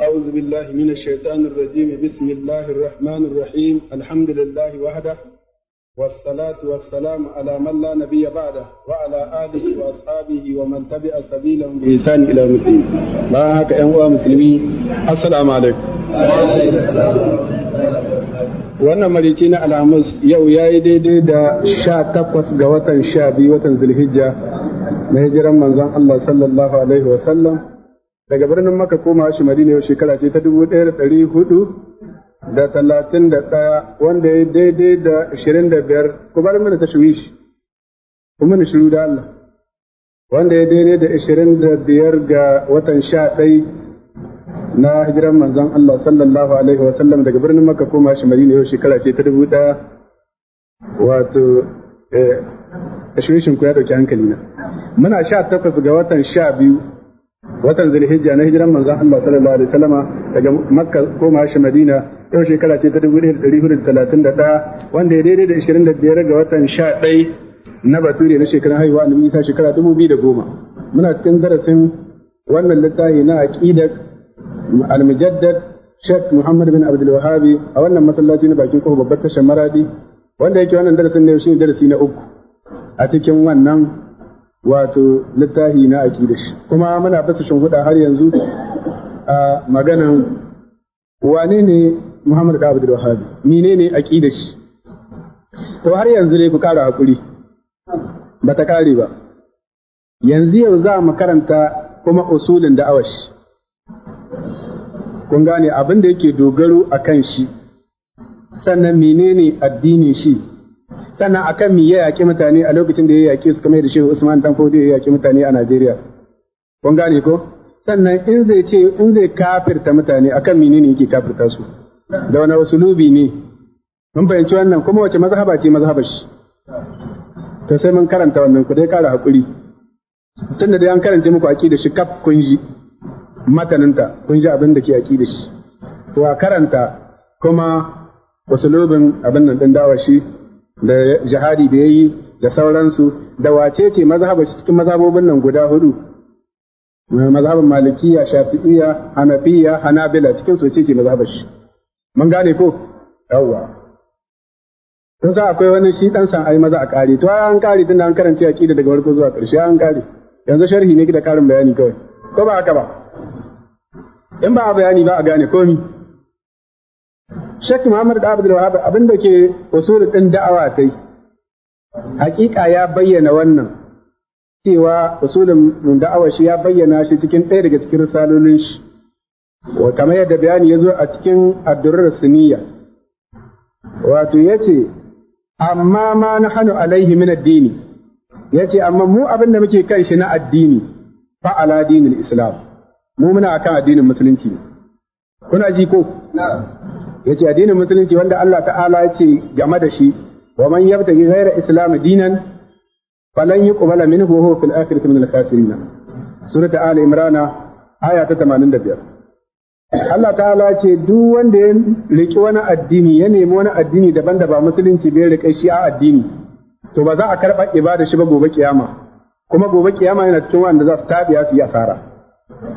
أعوذ بالله من الشيطان الرجيم بسم الله الرحمن الرحيم الحمد لله وحده والصلاة والسلام على من لا نبي بعده وعلى آله وأصحابه ومن تبع سبيلهم بإحسان إلى يوم الدين ما هك أنواع مسلمين السلام عليكم wannan marici na alhamis yau ya yi daidai da sha takwas ga watan sha biyu watan zulhijja na hijiran manzon Allah sallallahu alaihi wasallam daga birnin maka koma shi madina yau shekara ce ta dubu ɗaya da ɗari hudu da talatin da ɗaya wanda ya daidai da ashirin da biyar ku bar mana ta shi ku mana shiru da Allah wanda ya daidai da ashirin da biyar ga watan sha ɗai na hijiran manzon Allah sallallahu alaihi wa sallam daga birnin maka koma shi madina yau shekara ce ta dubu ɗaya wato eh, ashirin ku ya ɗauki hankali na muna sha takwas ga watan sha biyu watan zulhijja na hijiran manzon Allah sallallahu alaihi wasallama daga makka koma shi madina yau shekara ce ta ɗaya, wanda ya daidai da 25 ga watan 11 na bature na shekarun haihuwa annabi ta shekara 2010 muna cikin darasin wannan littafi na aqidat al-mujaddad Sheikh Muhammad bin Abdul Wahhabi a wannan masallaci na bakin kofar babbar tashar Maradi wanda yake wannan darasin ne shi darasi na uku a cikin wannan wato littafi na aƙida shi kuma muna fasa shinhuda har yanzu a maganan wane ne Muhammad da Abdul Wahhab mine ne shi to har yanzu dai ku kara hakuri ba ta kare ba yanzu yau za mu karanta kuma usulin da awashi kun gane abin da yake dogaro a kan shi sannan menene addinin shi sannan akan mi ya yaƙi mutane a lokacin da ya yaƙi su kamar da Shehu Usman dan Fodi ya yaƙi mutane a Najeriya kun gane ko sannan in zai ce in zai kafirta mutane akan ne yake kafirta su da wani usulubi ne mun fahimci wannan kuma wace mazhaba ce mazhabar shi to sai mun karanta wannan ku dai ƙara hakuri tunda dai an karance muku aqida shi kaf kun ji mataninta kun ji abin da ke aqida shi to a karanta kuma usulubin abin nan din dawa shi da jihadi da yayi da sauransu da wace ce mazhaba cikin mazhabobin nan guda hudu mazhabin malikiya shafi'iyya hanafiya hanabila cikin su ce mazhabar shi mun gane ko yawa kun sa akwai wani shi dan san ai maza a kare to an kare tunda an karanta aqida daga farko zuwa karshe an kare yanzu sharhi ne da karin bayani kawai ko ba haka ba in ba bayani ba a gane komi Sheikh Muhammad da Abdul Wahab abin da ke usul din da'awa kai hakika ya bayyana wannan cewa usulin da'awa shi ya bayyana shi cikin ɗaya daga cikin risalolin shi wa kamar yadda bayani ya zo a cikin addurar siniya wato yace amma ma nahnu alaihi min addini yace amma mu abinda muke kan shi na addini fa ala dinil islam mu muna akan addinin musulunci kuna ji ko yace addinin musulunci wanda Allah ta'ala ce game da shi wa man yabtaghi ghayra islam dinan falan yuqbala minhu huwa fil akhirati min al-khasirin surata al imran aya ta 85 Allah ta'ala ce duk wanda ya riki wani addini ya nemi wani addini daban da ba musulunci bai rike shi a addini to ba za a karɓa ibada shi ba gobe kiyama kuma gobe kiyama yana cikin wanda za su tabiya su yi asara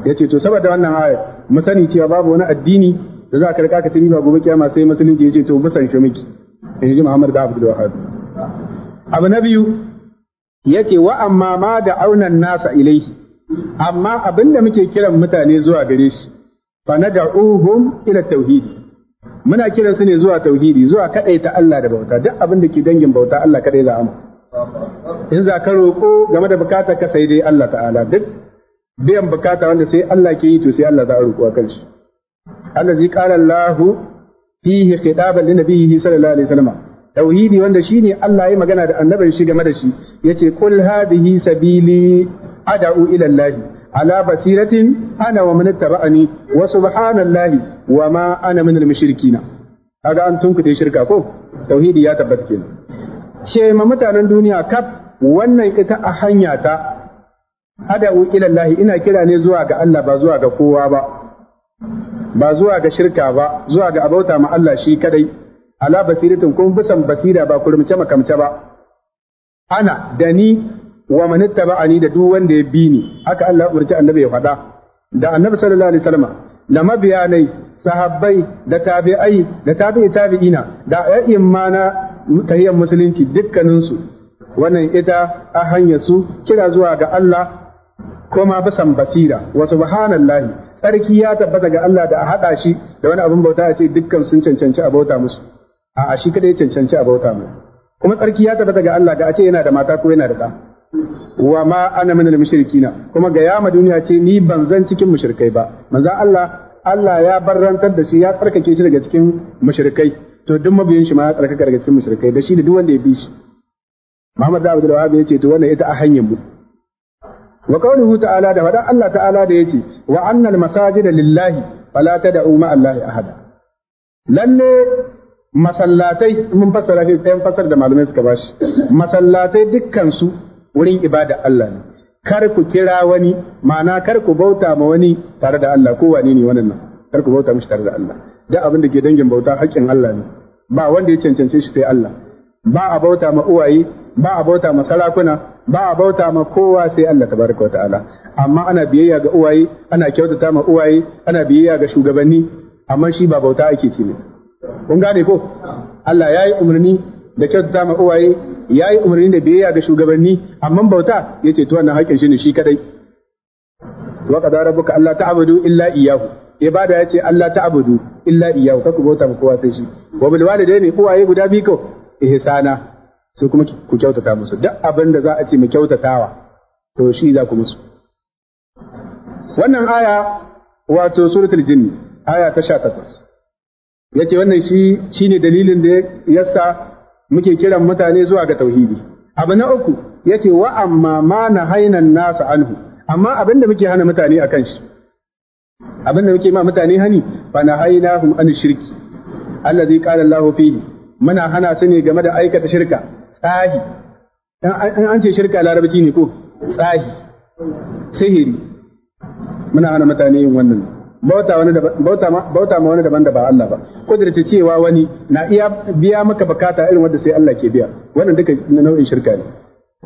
yace to saboda wannan ayat mu sani cewa babu wani addini da za ka karka ka tiri ba gobe kiyama sai musulunci yace to bisan shi miki in ji Muhammad da Abdul Wahhab abu na biyu yake wa amma ma da aunan nasa ilaihi amma abinda muke kiran mutane zuwa gare shi fa ohun ila tauhidi muna kiran su ne zuwa tauhidi zuwa kadaita Allah da bauta duk abin da ke dangin bauta Allah kadai za amma in za ka roƙo game da bukatar ka sai dai Allah ta'ala duk biyan bukata wanda sai Allah ke yi to sai Allah za a roƙo a kanshi allazi qala Allah fihi khitaban linabiyhi sallallahu alaihi wasallam tauhidi wanda shine Allah ya magana da annabin shi game da shi yace qul hadhihi sabili ad'u ila Allah ala basiratin ana wa man ittaba'ani wa subhanallahi wa ma ana min al kaga an tunkude shirka ko tauhidi ya tabbata kenan ce ma mutanen duniya kaf wannan ita a hanya ta Adau ila Allah ina kira ne zuwa ga Allah ba zuwa ga kowa ba ba zuwa ga shirka ba zuwa ga abauta ma Allah shi kadai ala basiratin kun bisan basira ba kurmice makamce ba ana da ni wa man ittaba'ani da duk wanda ya bi ni haka Allah umarci annabi ya faɗa da annabi sallallahu alaihi wasallam da mabiyanai sahabbai da tabi'ai da tabi'i tabi'ina da ayyin mana na tahiyyar musulunci dukkaninsu wannan ita a hanyar su kira zuwa ga Allah koma bisan basira wa subhanallahi tsarki ya tabbata ga Allah da a haɗa shi da wani abin bauta a ce dukkan sun cancanci a bauta musu a'a shi kaɗai ya cancanci a bauta mai kuma tsarki ya tabbata ga Allah da a ce yana da mata ko yana da ɗa wa ma ana min al mushrikina kuma ga yama duniya ce ni ban zan cikin mushrikai ba manzo Allah Allah ya barrantar da shi ya tsarkake shi daga cikin mushrikai to duk mabiyin shi ma ya tsarkaka daga cikin mushrikai da shi da duk wanda ya bi shi Muhammad da Abdul Wahab ya ce to wannan ita a hanyar mu wa qawluhu ta'ala da Wadan Allah ta'ala da yake wa annal masajida lillahi fala tad'u ma Allahi ahada lalle masallatai mun fassara shi sai fassara da malamai suka bashi masallatai dukkan su wurin ibada Allah ne kar ku kira wani ma'ana kar ku bauta ma wani tare da Allah ko wani ne wannan kar ku bauta mishi tare da Allah da abin da ke dangin bauta haƙƙin Allah ne ba wanda ya cancance shi sai Allah ba a bauta ma uwaye ba a bauta ma sarakuna ba a bauta ma kowa sai Allah tabaraka wa ta'ala amma ana biyayya ga uwaye ana kyautata ma uwaye ana biyayya ga shugabanni amma shi ba bauta ake ci ne kun gane ko Allah yayi umarni da kyautata ma uwaye yayi umarni da biyayya ga shugabanni amma bauta yace to wannan haƙƙin shi ne shi kadai wa qad rabbuka alla ta'budu illa iyyahu ibada yace Allah ta'budu illa iyyahu kaku bauta ma kowa sai shi wa bil walidaini uwaye guda biyu ko ihsana sai kuma ku kyautata musu duk abin da za a ce mu kyautatawa to shi za ku musu wannan aya wato suratul jin aya ta 18 yace wannan shi shine dalilin da yasa muke kiran mutane zuwa ga tauhidi abu na uku yace wa amma ma na hainan nasu anhu amma abin da muke hana mutane akan shi abin da muke ma mutane hani fa hainahum an shirki allazi qala allah fihi muna hana su ne game da aikata shirka tsahi in an ce shirka larabci ne ko tsahi sihiri muna hana mutane yin wannan bauta wani bauta ma wani daban da ba Allah ba kudurta cewa wani na iya biya maka bukata irin wanda sai Allah ke biya wannan duka nau'in shirka ne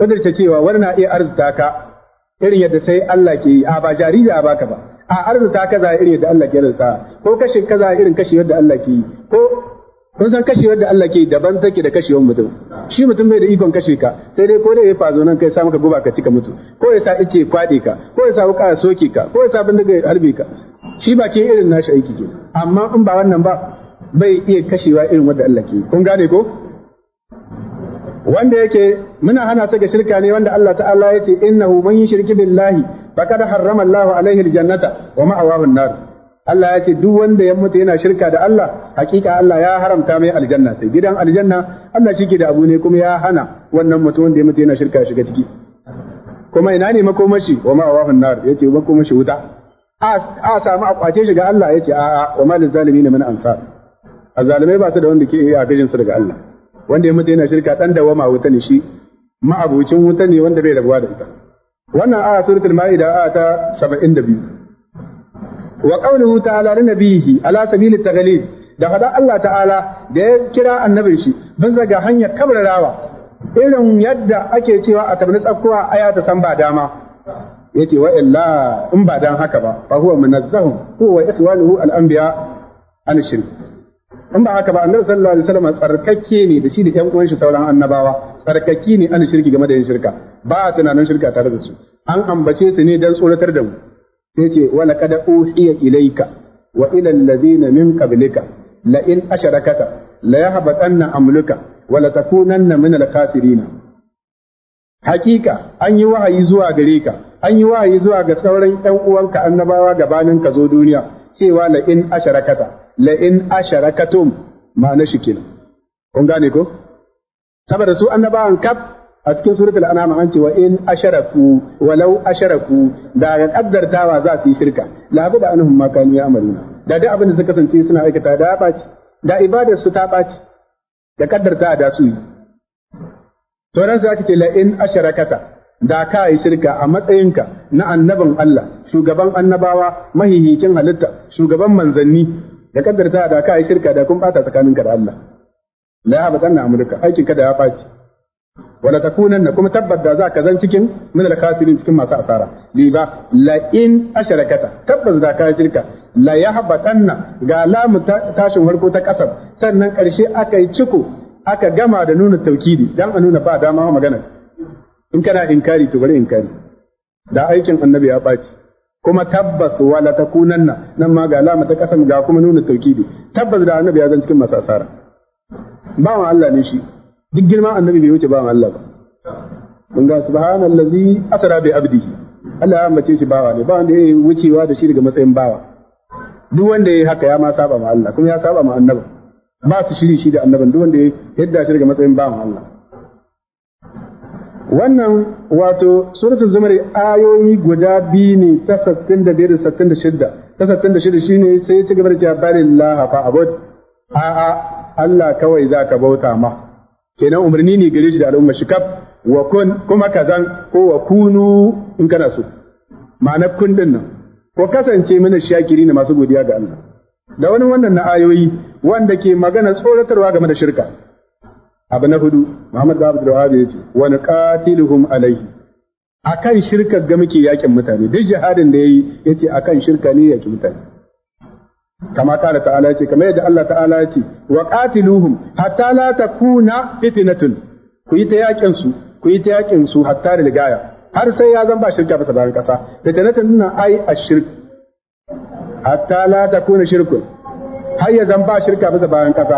kudurta cewa wani na iya arzuta ka irin yadda sai Allah ke yi a ba jari ba ka ba a arzuta kaza irin yadda Allah ke arzuta ko kashin kaza irin kashi yadda Allah ke yi ko kun san kashewar da Allah ke daban take da kashewar mutum shi mutum bai da ikon kashe ka sai dai ko dai ya fazo nan kai sa maka guba ka cika mutu ko ya sa ice kwade ka ko ya sa wuka soke ka ko ya sa bin ya harbe ka shi ba ke irin nashi aiki ke amma in ba wannan ba bai iya kashewa irin wanda Allah ke kun gane ko wanda yake muna hana ta ga shirka ne wanda Allah ta'ala ya ce innahu man yushriku billahi faqad harrama Allahu alaihi aljannata wa ma'awahu an-nar Allah ya ce duk wanda ya mutu yana shirka da Allah hakika Allah ya haramta mai aljanna sai gidan aljanna Allah shi ke da abu ne kuma ya hana wannan mutum wanda ya mutu yana shirka shiga ciki kuma ina ne makomashi wa ma wa nar yace makomashi wuta a samu a kwace shi ga Allah yace a a wa ne zalimin min A azzalimai ba su da wanda ke a gajin su daga Allah wanda ya mutu yana shirka dan da wama wuta ne shi ma'abucin wuta ne wanda bai rabuwa da ita wannan a suratul maida a ta 72 wa qawluhu ta'ala li nabiyhi ala sabili taghlib da hada Allah ta'ala da ya kira Annabi shi bin zaga hanyar kabrarawa irin yadda ake cewa a tabni tsakkuwa aya ta san ba dama yace wa illa in ba dan haka ba fa huwa munazzahum huwa ikhwanuhu al-anbiya an shirk in ba haka ba annabi sallallahu alaihi wasallam tsarkakke ne da shi da ƴan uwan shi sauran annabawa tsarkakke ne an shirki game da yin shirka ba a tunanin shirka tare da su an ambace su ne dan tsoratar da mu yake wala kada uhiya ilayka wa ila alladhina min qablika la in asharakata la yahbatanna amluka wa la takunanna min al-khasirin hakika an yi wahayi zuwa gare ka an yi wahayi zuwa ga sauran ɗan uwanka annabawa gabanin ka zo duniya cewa la in asharakata la in asharakatum ma na shikin kun gane ko saboda su annabawan kaf a cikin suratul an'am an ce wa in asharaku walau asharaku da ga kaddartawa za su yi shirka la habida anhum ma kanu ya'maluna da duk abin da suka kasance suna aikata da baci da ibadar su ta baci da kaddarta da su yi to ran sai ce la in asharakata da ka yi shirka a matsayinka na annabin Allah shugaban annabawa mahihicin halitta shugaban manzanni da kaddarta da ka yi shirka da kun bata tsakaninka da Allah la ba anhum amurka aikin ka da ya baci wala na kuma tabbas da za ka zan cikin min al kafirin cikin masu asara ba la in asharakata tabbas da ka shirka la yahbatanna ga lamu tashin harko ta kasar sannan karshe aka yi ciko aka gama da nuna taukidi dan a nuna ba dama magana in kana inkari to bari inkari da aikin annabi ya baci kuma tabbas wala takunanna nan ma ga lamu ta kasab ga kuma nuna taukidi tabbas da annabi ya zan cikin masu asara ba Allah ne shi duk girman annabi bai wuce ba Allah ba mun ga subhanallazi asra bi abdihi Allah ya mace shi bawa ne ba wanda ya wucewa da shi daga matsayin bawa duk wanda ya haka ya ma saba ma Allah kuma ya saba ma annabi ba su shiri shi da annaban duk wanda ya yadda shi daga matsayin bawan Allah wannan wato suratu zumar ayoyi guda biyu ne ta 65 da 66 ta 66 shine sai ya ci gaba da cewa barillaha fa abud a'a Allah kawai zaka bauta ma kenan umarni ne gare shi da al'umma shi kaf wa kun kuma kazan ko wa kunu in kana so ma'ana kun din nan ko kasance mana shakiri ne masu godiya ga Allah da wani wannan na ayoyi wanda ke magana tsoratarwa game da shirka abu na hudu Muhammad bin Abdul Wahhab yace wa naqatiluhum alayhi akan shirka ga muke yakin mutane duk jihadin da yayi yace akan shirka ne yakin mutane kama kala ta'ala yace kama yadda Allah ta'ala yace wa qatiluhum hatta la takuna fitnatun ku yi ta yakin su ku yi ta yakin su hatta da ligaya har sai ya zan ba shirka ba sabarin kasa fitnatun nuna ai ashirk hatta la takuna shirkun har ya zan ba shirka ba sabarin kasa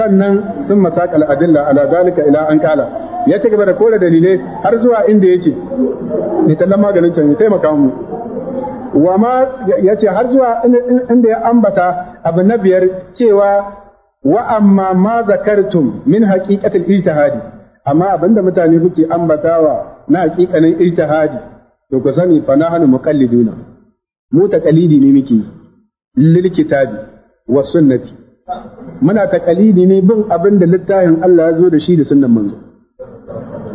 sannan sun masakal adilla ala zalika ila an kala ya ci gaba da kore dalilai har zuwa inda yake ne tallan maganin can ya taimaka mu wa ma ce har zuwa inda ya ambata abu na biyar cewa wa amma ma zakartum min haqiqatil ijtihadi amma abinda mutane kuke ambatawa na haqiqanin ijtihadi to ku sani fa nahnu muqalliduna mu taqalidi ne muke lil kitabi wa sunnati muna taqalidi ne bin abinda littafin Allah ya zo da shi da sunnan manzo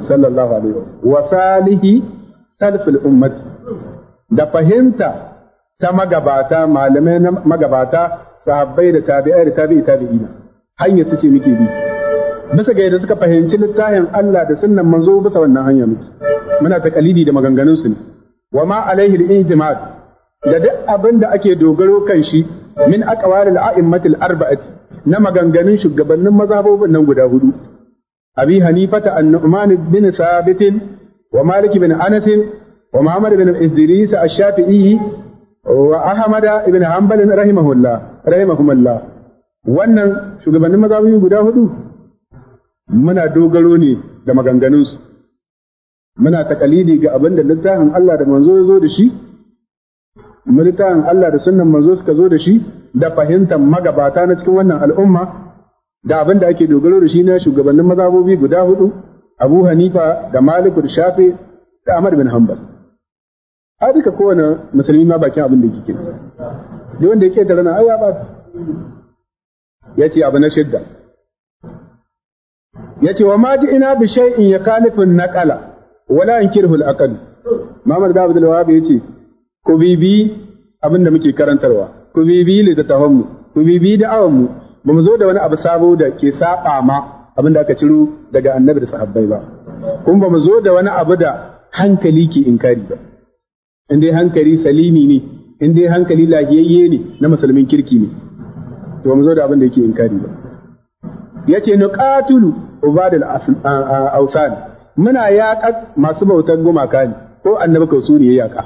sallallahu alaihi wa salihi salfil ummati da fahimta ta magabata malamai na magabata sahabbai da tabi'ai da tabi'i tabi'ina hanyar su ce muke bi bisa ga yadda suka fahimci littafin Allah da sunnan manzo bisa wannan hanyar muke muna ta kalidi da maganganun su ne wa ma alaihi al-ijtimad da duk abin da ake dogaro kan shi min aqwal al-a'immatil arba'ati na maganganun shugabannin mazhabobin nan guda hudu abi hanifata an-nu'man bin sabit wa malik bin anas ومحمد بن bin الشافعي وأحمد wa حنبل رحمه الله رحمهم الله wannan shugabannin mazhabobi guda hudu muna dogaro ne da maganganunsu muna takalidi ga abin littafin Allah da manzo zo da shi littafin Allah da sunnan manzo suka zo da shi da fahimtar magabata na cikin wannan al'umma da abinda ake dogaro da shi na shugabannin mazhabobi guda hudu Abu Hanifa da Malik da da Ahmad bin Hanbal a duka kowane musulmi ma bakin abin da kike duk wanda yake da rana ai ya ba ya ce abu na shidda ya ce wa ma ji ina bi shay'in ya kalifin naqala wala yankirhu al-aqal mamar da Abdul wahab ya ce ku bibi abin da muke karantarwa ku bibi da tahammu ku bibi da mu ba mu zo da wani abu sabo da ke saba ma abin da aka ciro daga annabi da sahabbai ba kuma ba mu zo da wani abu da hankali ke inkari ba in dai hankali salimi ne in dai hankali lahiyayye ne na musulmin kirki ne to mu zo da abin da yake inkari ba yace qatulu ubadul awsan muna yaƙa masu bautar gumaka ne ko annabi ka su ne yaƙa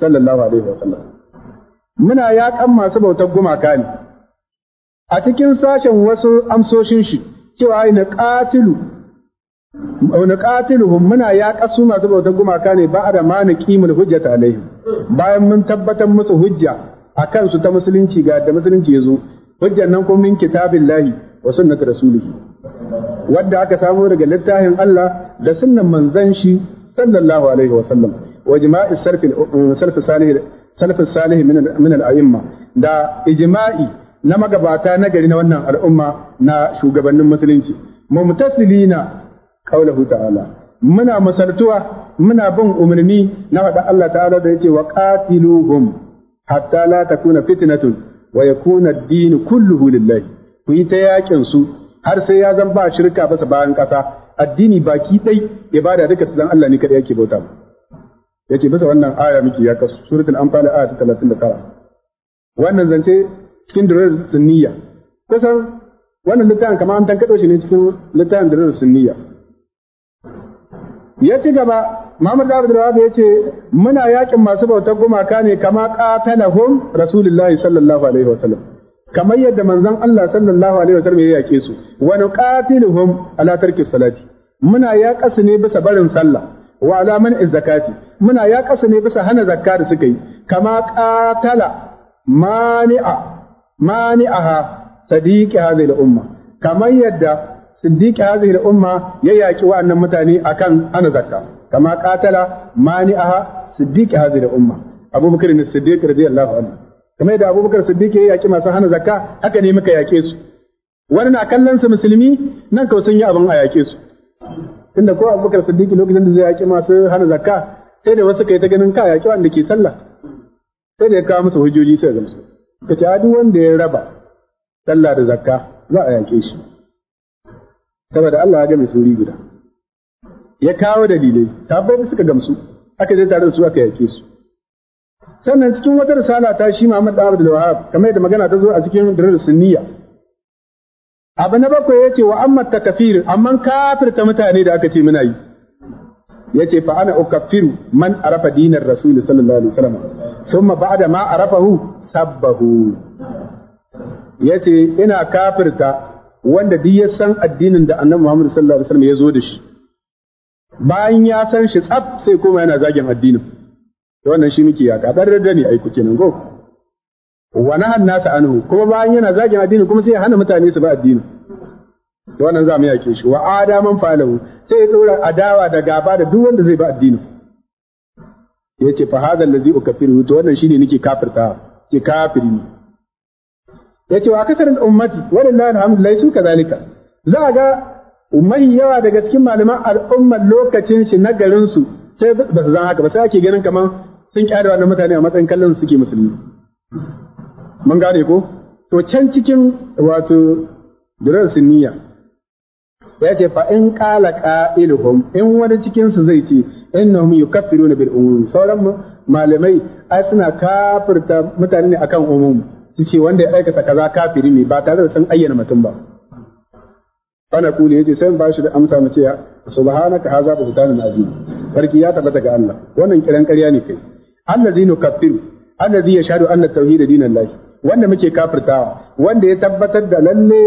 sallallahu alaihi wa sallam muna yaƙan masu bautar gumaka ne a cikin sashen wasu amsoshin shi cewa ai na qatulu wani qatiluhum muna ya ƙasu masu bautar gumaka ne ba da ma na qimul hujjata alaihim bayan mun tabbatar musu hujja a kansu ta musulunci ga da musulunci zo, hujjan nan kuma min lahi wa rasu rasulihi wadda aka samu daga littafin Allah da sunnan manzon shi sallallahu alaihi wa sallam wa jima'i sarfi sarfi salih salfi salih min min al-a'imma da ijma'i na magabata na gari na wannan al'umma na shugabannin musulunci mumtasilina qaulahu ta'ala muna masaltuwa muna bin umarni na faɗa Allah ta'ala da yake wa qatiluhum hatta la takuna fitnatun wa yakuna ad-din kulluhu lillahi ku yi ta yakin su har sai ya zan ba shirka basa bayan kasa addini baki dai ibada duka dan Allah ne kada yake bauta yake bisa wannan aya miki ya kasu suratul anfal aya ta 39 wannan zance cikin durar sunniya kusan wannan littafin kamar an tankado shi ne cikin littafin durar sunniya ya ci gaba Muhammad Abdul Wahab ya ce muna yakin masu bautar gumaka ne kama qatalahum Rasulullahi sallallahu alaihi wasallam kamar yadda manzon Allah sallallahu alaihi wasallam ya yake su wa nuqatiluhum ala tarki salati muna yaƙa su ne bisa barin sallah wa ala man zakati muna yaƙa su ne bisa hana zakka da suka yi kama qatala mani'a mani'aha sadiqi hadhihi al-umma kamar yadda siddiqi hadhihi da umma ya yaki wa'annan mutane akan hana zakka kama qatala mani'aha siddiqi hadhihi da umma abubakar ibn siddiq radiyallahu anhu kamar da abubakar siddiq ya yaki masu hana zakka haka ne muka yake su wani na kallon su musulmi nan kawai sun yi abin a yake su tunda ko abubakar siddiq lokacin da zai yaki masu hana zakka sai da wasu kai ta ganin ka yaki wanda ke sallah sai da ya kawo musu hujjoji sai gamsu kace duk wanda ya raba sallah da zakka za a yake shi saboda Allah ya gami suri guda ya kawo dalilai tabbabi suka gamsu aka je tare da su aka yake su sannan cikin wata risala ta shi Muhammad da Abdul kamar yadda magana ta zo a cikin Darul Sunniya abu na bakwai yace wa amma takfir amma kafirta mutane da aka ce muna yi yace fa ana ukaffiru man arafa dinar rasul sallallahu alaihi wasallam thumma ba'da ma arafahu sabbahu yace ina kafirta wanda duk ya san addinin da annabi Muhammad sallallahu alaihi wasallam ya zo da shi bayan ya san shi tsaf sai kuma yana zagin addinin to wannan shi muke yaka dan da ne ai kuke nan go wa nahan nasu anhu kuma bayan yana zagin addinin kuma sai ya hana mutane su ba addinin to wannan za mu yake shi wa adaman falahu sai ya dora adawa da gaba da duk wanda zai ba addinin yace fa hadha allazi ukaffiru to wannan shine nake kafirta ke kafiri ne Ya ce wa kasarin ummati walillahi alhamdu laysu kazalika za a ga mai yawa daga cikin malaman al'ummar lokacin shi na garinsu su sai ba su zan haka ba sai ake ganin kamar sun kyara wannan mutane a matsayin kallon suke musulmi mun gane ko to can cikin wato durar sunniya ya ce fa in qala qa'iluhum in wani cikin zai ce innahum yukaffiruna bil umum sauran malamai ai suna kafirta mutane ne akan umum yace wanda ya aikata kaza kafiri ne ba tare da sun ayyana mutum ba bana kuli yace sai ba shi da amsa mu ce subhanaka hadha buhtanun azim barki ya tabbata ga Allah wannan kiran ƙarya ne kai allazi nukaffiru allazi yashhadu anna tauhid dinallahi wanda muke kafirtawa wanda ya tabbatar da lalle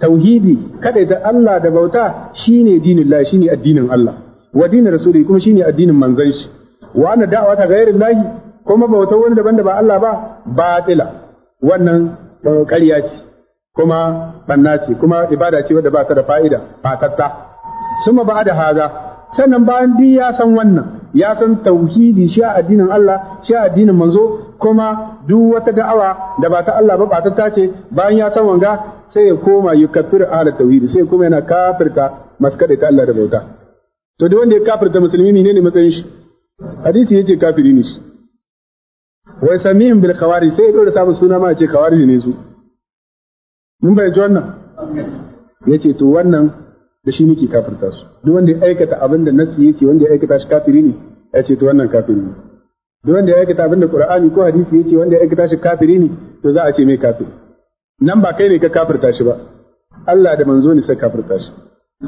tauhidi kada da Allah da bauta shine Allah shine addinin Allah wa dinin rasuli kuma shine addinin manzon shi wa anna da'wata lahi kuma bautar wani daban da ba Allah ba batila wannan eh, ƙarya ce kuma banna ce kuma ibada ce wadda ba ta da fa'ida tatta. suma ba da haza sannan bayan duk ya san wannan ya san tauhidi shi a addinin Allah shi a addinin manzo kuma duk wata da'awa da ba ta Allah ba fatatta ce bayan ya san wanga sai ya koma yukaffiru ahla tauhidi sai kuma yana kafirta maskaɗe ta Allah da bauta to duk wanda ya kafirta musulmi ne ne matsayin shi hadisi ya kafiri ne shi wai samihin bil kawari sai dole samun suna ma ce kawari ne su mun bai ji wannan yace to wannan da shi muke kafirta su duk wanda ya aikata abin da nasi yake wanda ya aikata shi kafiri ne ya ce to wannan kafiri ne duk wanda ya aikata abin da qur'ani ko hadisi yace wanda ya aikata shi kafiri ne to za a ce mai kafiri nan ba kai ne ka kafirta shi ba Allah da manzo ne sai kafirta shi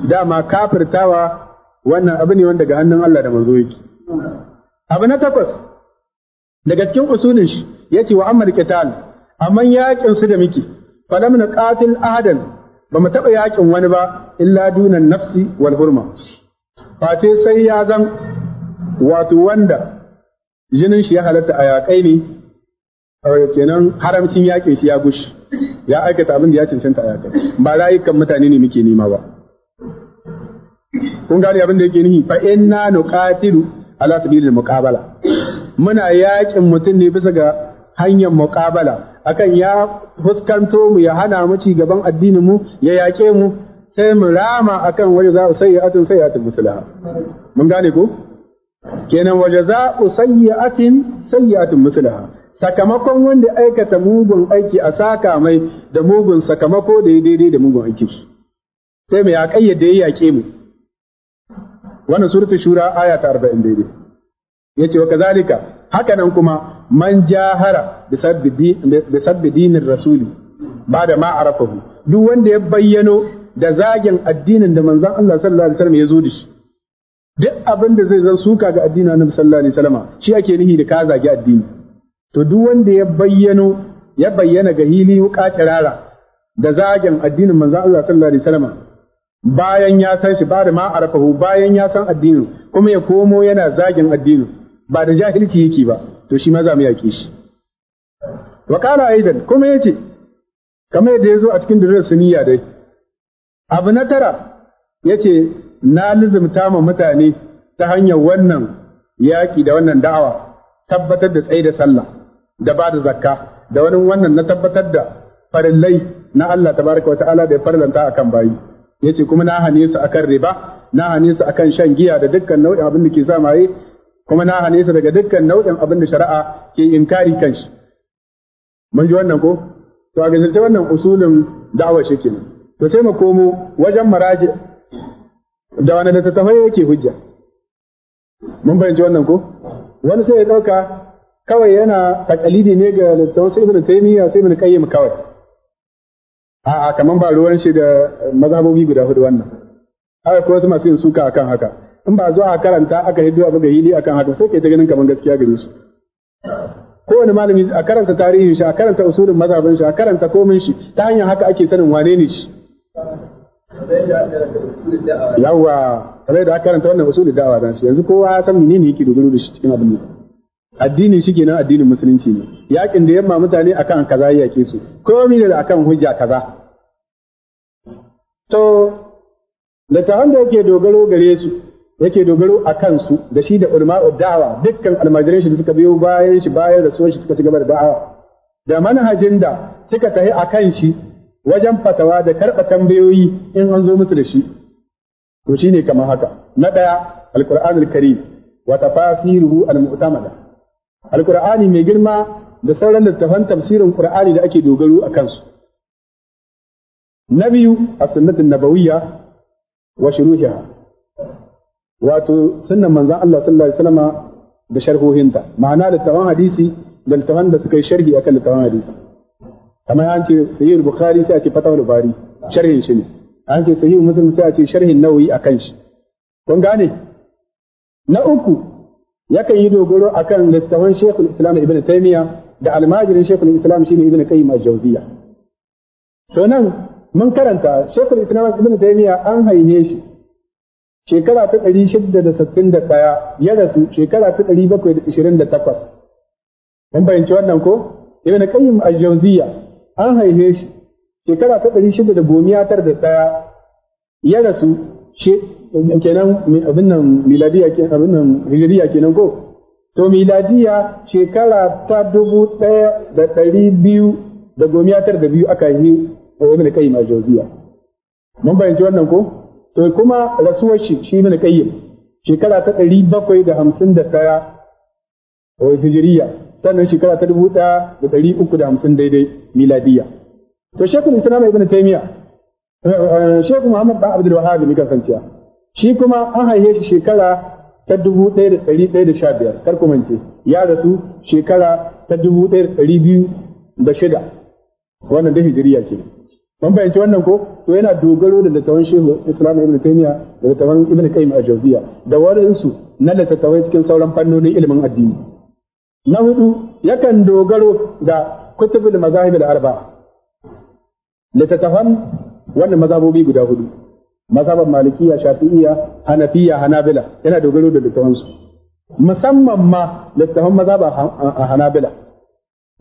dama kafirtawa wannan abu ne wanda ga hannun Allah da manzo yake abu na takwas daga cikin usulin shi yace wa amma qital amma yakin su da muke falam na qatil ahadan ba mu taba yakin wani ba illa dunan nafsi wal hurma ce sai ya zan wato wanda jinin shi ya halatta a yaƙai ne kenan haramcin yaƙin shi ya gushi ya aikata abin da ya cancanta a yaƙai ba rayukan mutane ne muke nema ba kun gane abin da yake nihi fa inna nuqatilu ala sabilil muqabala muna yakin mutum ne bisa ga hanyar muƙabala akan ya fuskanto mu ya hana mu ci gaban addinin mu ya yaƙe mu sai mu rama akan waje za ya sayyi'atun muslaha mun gane ko kenan waje za ya sayyi'atun muslaha sakamakon wanda aikata mugun aiki a saka mai da mugun sakamako da ya daidai da mugun aiki sai mai ya kayyade ya yaƙe mu wannan suratul shura aya ta 40 daidai yace wa kazalika haka nan kuma man jahara bi sabbi dinin rasuli ba da ma'arafahu. duk wanda ya bayyano da zagin addinin da manzon Allah sallallahu alaihi wasallam ya zo da shi duk abin da zai zan suka ga addinin Annabi sallallahu alaihi wasallam shi ake nihi da ka zagi addini to duk wanda ya bayyano ya bayyana ga hili wuka kirara da zagin addinin manzon Allah sallallahu alaihi wasallam bayan ya san shi ba da ma'arafahu bayan ya san addinin kuma ya komo yana zagin addinin ba da jahilci yake ba to shi ma za mu yaƙe shi wa qala aidan kuma yace kamar yadda yazo a cikin durar suniya dai abu na tara yace na lizumta ma mutane ta hanyar wannan yaƙi da wannan da'awa tabbatar da tsaye da sallah da ba da zakka da wani wannan na tabbatar da farillai na Allah tabaraka wa ta'ala da ya farlanta akan bayi yace kuma na hane su akan riba na hane su akan shan giya da dukkan nau'in abin da ke sa maye kuma na hane su daga dukkan nau'in abin da shari'a ke inkari kan shi mun ji wannan ko to a gajirce wannan usulin da'awar shi kenan to sai mu komo wajen maraji da wani littattafai yake hujja mun fahimci wannan ko wani sai ya ɗauka kawai yana takalidi ne ga littattafai yi taymiya sai ibn qayyim kawai a'a kaman ba ruwan shi da mazhabobi guda hudu wannan haka ko wasu masu yin suka akan haka in ba zuwa karanta aka yi zuwa buga hili akan haka sai kai ta ganin kamar gaskiya gare su kowane malami a karanta tarihin shi a karanta usulin mazhabin shi a karanta komin shi ta hanyar haka ake sanin wane ne shi yawa kamar da aka karanta wannan usulin da'awa dan shi yanzu kowa ya san menene yake dogaro da shi cikin abin nan addini shi kenan addinin musulunci ne yakin da yamma mutane akan kaza yake su komi da akan hujja kaza to da ta wanda yake dogaro gare su yake dogaro a kansu da shi da ulama'u da'awa dukkan almajiran shi da suka biyo bayan shi bayan da shi suka ci gaba da da'awa da manhajin da suka tafi a kan shi wajen fatawa da karɓa tambayoyi in an zo musu da shi to shine kamar haka na ɗaya alqur'anul karim wa tafasiruhu almu'tamada alqur'ani mai girma da sauran littafan tafsirin qur'ani da ake dogaro a kansu na biyu as-sunnatun nabawiyya wa shuruhiha wato sunan manzon Allah sallallahu alaihi wasallam da sharhohinta ma'ana littafan hadisi da littafan da suka yi sharhi akan littafan hadisi kamar an ce sahih al-bukhari sai a ce fatawul bari sharhin shi ne an ce sahih muslim sai a ce sharhin nawawi akan shi kun gane na uku yakan yi dogoro akan littafan shaykhul islam ibn taymiya da almajirin shaykhul islam shine ibn qayyim al-jawziya to nan mun karanta shaykhul islam ibn taymiya an haife shi shekara ta ɗari shida da sittin da ɗaya ya rasu shekara ta ɗari bakwai da ishirin da takwas. Mun fahimci wannan ko? na Qayyim al-Jawziyya an haife shi shekara ta ɗari shida da gomiya tar da ɗaya ya rasu kenan abin nan miladiya abin nan hijiriya kenan ko? To miladiya shekara ta dubu ɗaya da ɗari biyu da gomiya tar da biyu aka yi Ibn kai al-Jawziyya. Mun fahimci wannan ko? to eh, kuma rasuwar shi shi ne qayyim shekara ta ɗari bakwai da hamsin da hijiriya sannan shekara ta dubu ɗaya da ɗari uku da hamsin daidai miladiya to shekul islam ibn taymiya eh, shekul muhammad ibn abdul wahhab ne kasanciya shi kuma an haife shi shekara ta dubu ɗaya da ɗari ɗaya da sha biyar kar ku mance ya rasu shekara ta dubu ɗaya da ɗari biyu da shida wannan da hijiriya kenan mun bayyance wannan ko to yana dogaro da littattafan shehu islam ibn taymiya da littafin ibn qayyim a jawziya da waɗansu na littattafai cikin sauran fannonin ilimin addini na hudu yakan dogaro da kutubul mazahib al arba. littattafan wannan mazhabobi guda hudu mazhaban malikiya shafi'iyya hanafiya hanabila yana dogaro da littattafansu. su musamman ma littattafan mazhaban hanabila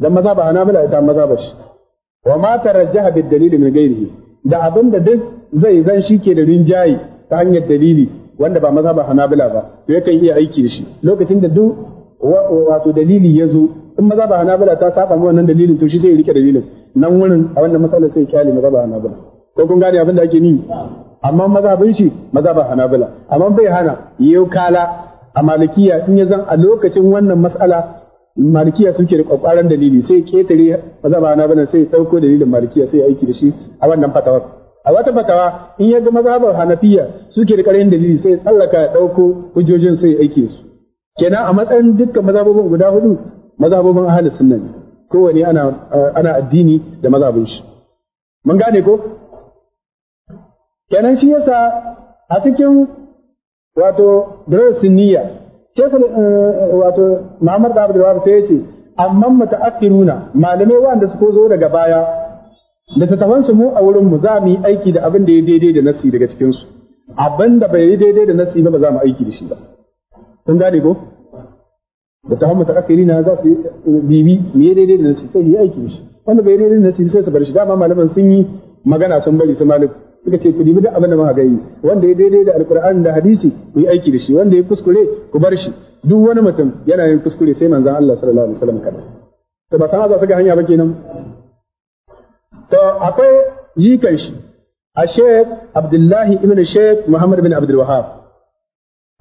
dan mazhaban hanabila ita mazhabar shi wa ma tarajjaha bid dalili min ghairihi da abin da duk zai zan shi ke da rinjayi ta hanyar dalili wanda ba mazhabar hanabila ba to yakan iya aiki da shi lokacin da duk wato dalili ya zo in mazhabar hanabila ta saba mu wannan dalilin to shi zai rike dalilin nan wurin a wannan matsalar sai kyale mazhabar hanabila ko kun gane abin da ake ni amma mazhabin shi mazhabar hanabila amma bai hana yau kala a malikiya in ya zan a lokacin wannan matsala malikiya suke da kwakwaran dalili sai ketare mazhaba na bane sai sauko dalilin malikiya sai aiki da shi a wannan fatawar a wata fatawa in ya ga mazhabar hanafiya suke da karin dalili sai tsallaka ya dauko hujjojin sai aiki su kenan a matsayin dukkan mazhabobin guda hudu mazhabobin ahlus sunna ne kowane ana ana addini da mazhabin shi mun gane ko kenan shi yasa a cikin wato darasin niyya shekul wato Muhammad da Abdul Wahab sai ya amma mutaakhiruna malamai wanda suka zo daga baya da ta tawansu mu a wurin mu za mu yi aiki da abin da ya daidai da nasi daga cikin su abin bai yi daidai da nasi ba ba za mu aiki da shi ba kun gane ko da ta hamu na za su bibi mu yi daidai da nasi sai yi aiki da shi wanda bai yi daidai da nasi sai su bar shi dama malaman sun yi magana sun bari su malik suka ce ku dibi duk abin da muka ga yi wanda ya daidai da alkurani da hadisi ku yi aiki da shi wanda ya kuskure ku bar shi duk wani mutum yana yin kuskure sai manzon Allah sallallahu alaihi wasallam kada to ba san za su ga hanya ba kenan to akwai yikan shi a Sheikh Abdullahi ibn Sheikh Muhammad bin Abdul Wahhab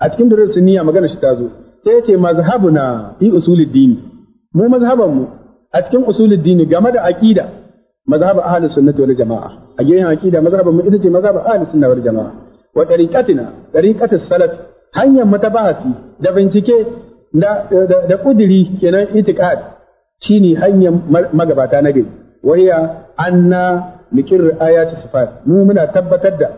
a cikin durar sunniya magana shi ta zo sai ya ce mazhabuna fi usuluddin mu mazhaban mu a cikin usuluddin game da aqida mazhab ahlus sunnati wal jama'a a gehen aqida mazhabin mu ita ce mazhabin ahli sunna wal jamaa wa tariqatina tariqatus salaf hanyar mutabahasi da bincike da da kudiri kenan itiqad shine hanyar magabata na gari wahiya anna nikir ayati sifat mu muna tabbatar da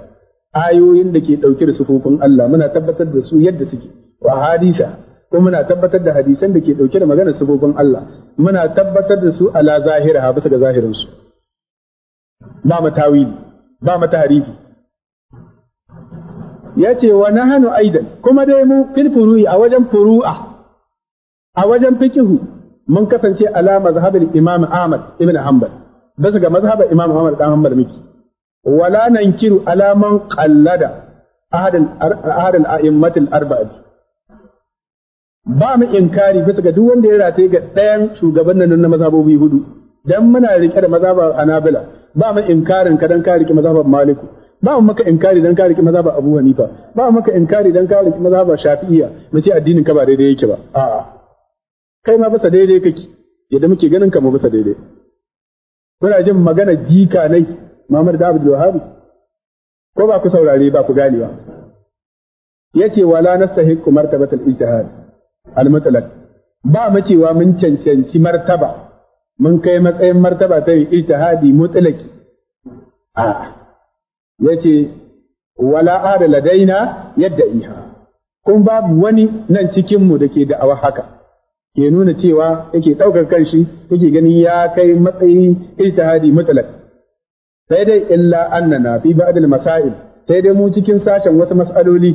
ayoyin da ke dauke da sufofin Allah muna tabbatar da su yadda suke wa hadisa ko muna tabbatar da hadisan da ke dauke da maganar sufofin Allah muna tabbatar da su ala zahira bisa ga zahirin su ba mu tawili ba mu tahrifi yace wa hannu aidan kuma dai mu fil furu'i a wajen furu'a a wajen fikihu mun kasance ala mazhabin imam Ahmad ibn Hanbal bisa ga mazhabin imam Ahmad dan Hanbal miki wala nankiru ala man qallada ahadin ahadin a'immatil ba mu inkari bisa ga duk wanda ya rataye ga ɗayan shugaban nan na mazhabobi hudu dan muna rike da mazhabar Anabila ba mu inkarin ka dan ka riki mazhabar maliku ba mu maka inkari dan ka riki mazhabar abu hanifa ba mu maka inkari dan ka riki mazhabar shafi'iyya mu ce addinin ka ba daidai yake ba a'a kai ma bisa daidai kake yadda muke ganin ka mu bisa daidai kuna jin magana jika nai mamar da Abdul wahab ko ba ku saurare ba ku ba yake wala nastahiqu martabatal ijtihad al mutlaq ba mu cewa mun cancanci martaba mun kai matsayin martaba ta yi ijtihadi mutlaki a yace wala ada ladaina yadda iha kun babu wani nan cikin mu dake da'awa haka ke nuna cewa yake daukar kanshi yake ganin ya kai matsayin ijtihadi mutlak sai dai illa annana fi ba'dil masail sai dai mu cikin sashen wasu mas'aloli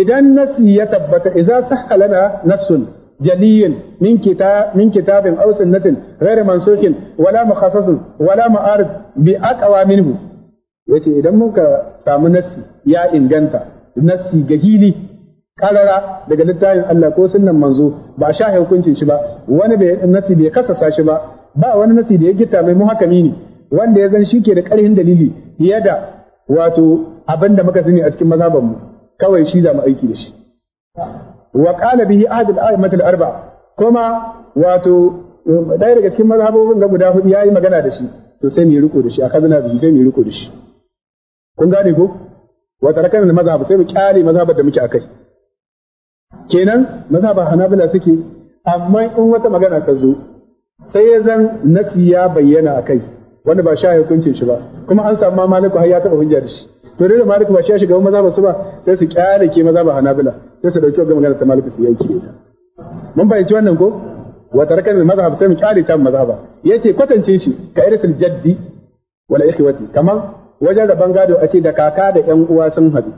idan nasi ya tabbata idza sahhalana nafsun جلي من كتاب من كتاب أو سنة غير منسوخ ولا مخصص ولا معارض بأقوى منه yace idan muka samu nassi ya inganta nassi gahili karara daga littafin Allah ko sunnan manzo ba sha hukuncin shi ba wani bai nassi bai kasasa shi ba ba wani nassi da ya gita mai muhakami ne wanda ya zan shi ke da ƙarfin dalili fiye da wato abin da muka sani a cikin mazhabanmu kawai shi za mu aiki da shi wa qala bihi ahad al-a'immat al-arba'a kuma wato ɗaya daga cikin mazhabobin ga guda hudu yayi magana da shi to sai mu riko da shi akazna bihi sai mu riko da shi kun gane ko wa tarakan al-mazhab sai mu kyale mazhabar da muke akai kenan mazhaba hanabila suke amma in wata magana ta zo sai ya zan nasi ya bayyana a kai wanda ba sha hukuncin shi ba kuma an samu maliku har ya taɓa hujja da shi to dai da maliku ba shi ya shiga maza ba su ba sai su kyale ke maza ba hanabila sai su dauki magana ta ya su yanke ta mun fahimci wannan ko wa taraka min mazhab sai mu kyale ta mazhaba yace kwatance shi ka irsul jaddi wala ikhwati kamar wajen raban gado a ce da kaka da 'yan uwa sun hadu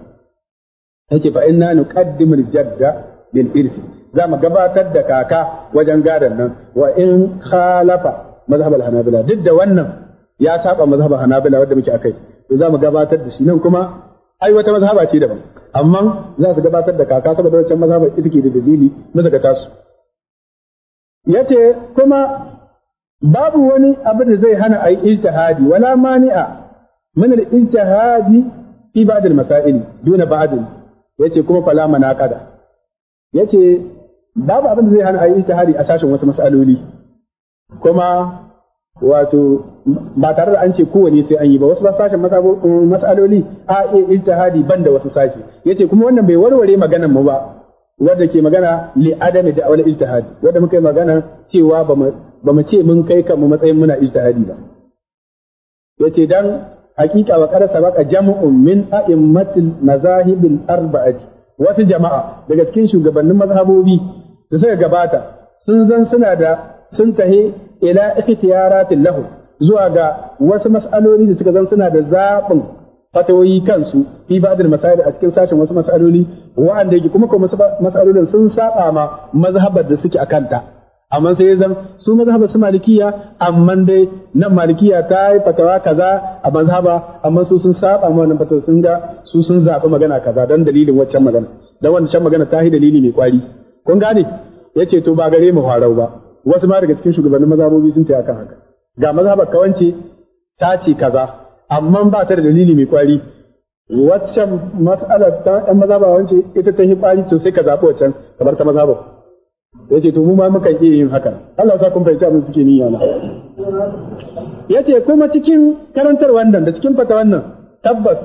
yace fa inna nuqaddimu jadda bil irsi za mu gabatar da kaka wajen gadon nan wa in khalafa mazhab al hanabila duk da wannan ya saba mazhab hanabila wanda muke akai to za mu gabatar da shi nan kuma ai wata mazhaba ce daban amma za su gabatar da kaka saboda wancan maza mai ita ke da dalili na daga tasu yace kuma babu wani abin da zai hana yi ijtihadi wala mani'a min al-ijtihadi fi ba'd al-masail duna ba'd yace kuma fala manaqada yace babu abin da zai hana yi ijtihadi a sashen wasu mas'aloli kuma wato ba tare da an ce kowane sai an yi ba wasu sashen masaloli um, a iltihadi ban da wasu sashi yace kuma wannan bai warware maganar mu ba wanda ke magana li adami da awal iltihadi wanda muka yi magana cewa ba mu ce mun kai kanmu matsayin muna iltihadi ba yace dan hakika wa qad sabaqa jam'un min a'immatil mazahibil arba'ati wasu jama'a daga cikin shugabannin mazhabobi da suka gabata sun zan suna da sun tahe ila ikhtiyaratin lahu zuwa ga wasu mas'aloli da suka zan suna da zaɓin fatawoyi kansu fi ba'dil masail a cikin sashen wasu mas'aloli wa'anda yake kuma kuma mas'alolin sun saba ma mazhabar da suke akanta amma sai zan su mazhabar su malikiya amma dai nan malikiya ta yi fatawa kaza a mazhaba amma su sun saba ma wannan fatawa sun ga su sun zaɓi magana kaza don dalilin waccan magana dan wancan magana ta yi dalili mai kwari kun gane yace to ba gare mu farau ba wasu ma daga cikin shugabannin mazhabobi sun taya kan haka ga mazhabar kawance ta ce kaza amma ba ta da dalili mai kwari waccan mas'alar ta ɗan mazhaba wance ita ta yi kwari to sai ka zaɓi waccan kamar ta mazhaba yace to mu ma muka iya yin haka Allah ya sa kun fahimci abin suke niyya na yace kuma cikin karantar wannan da cikin fata wannan tabbas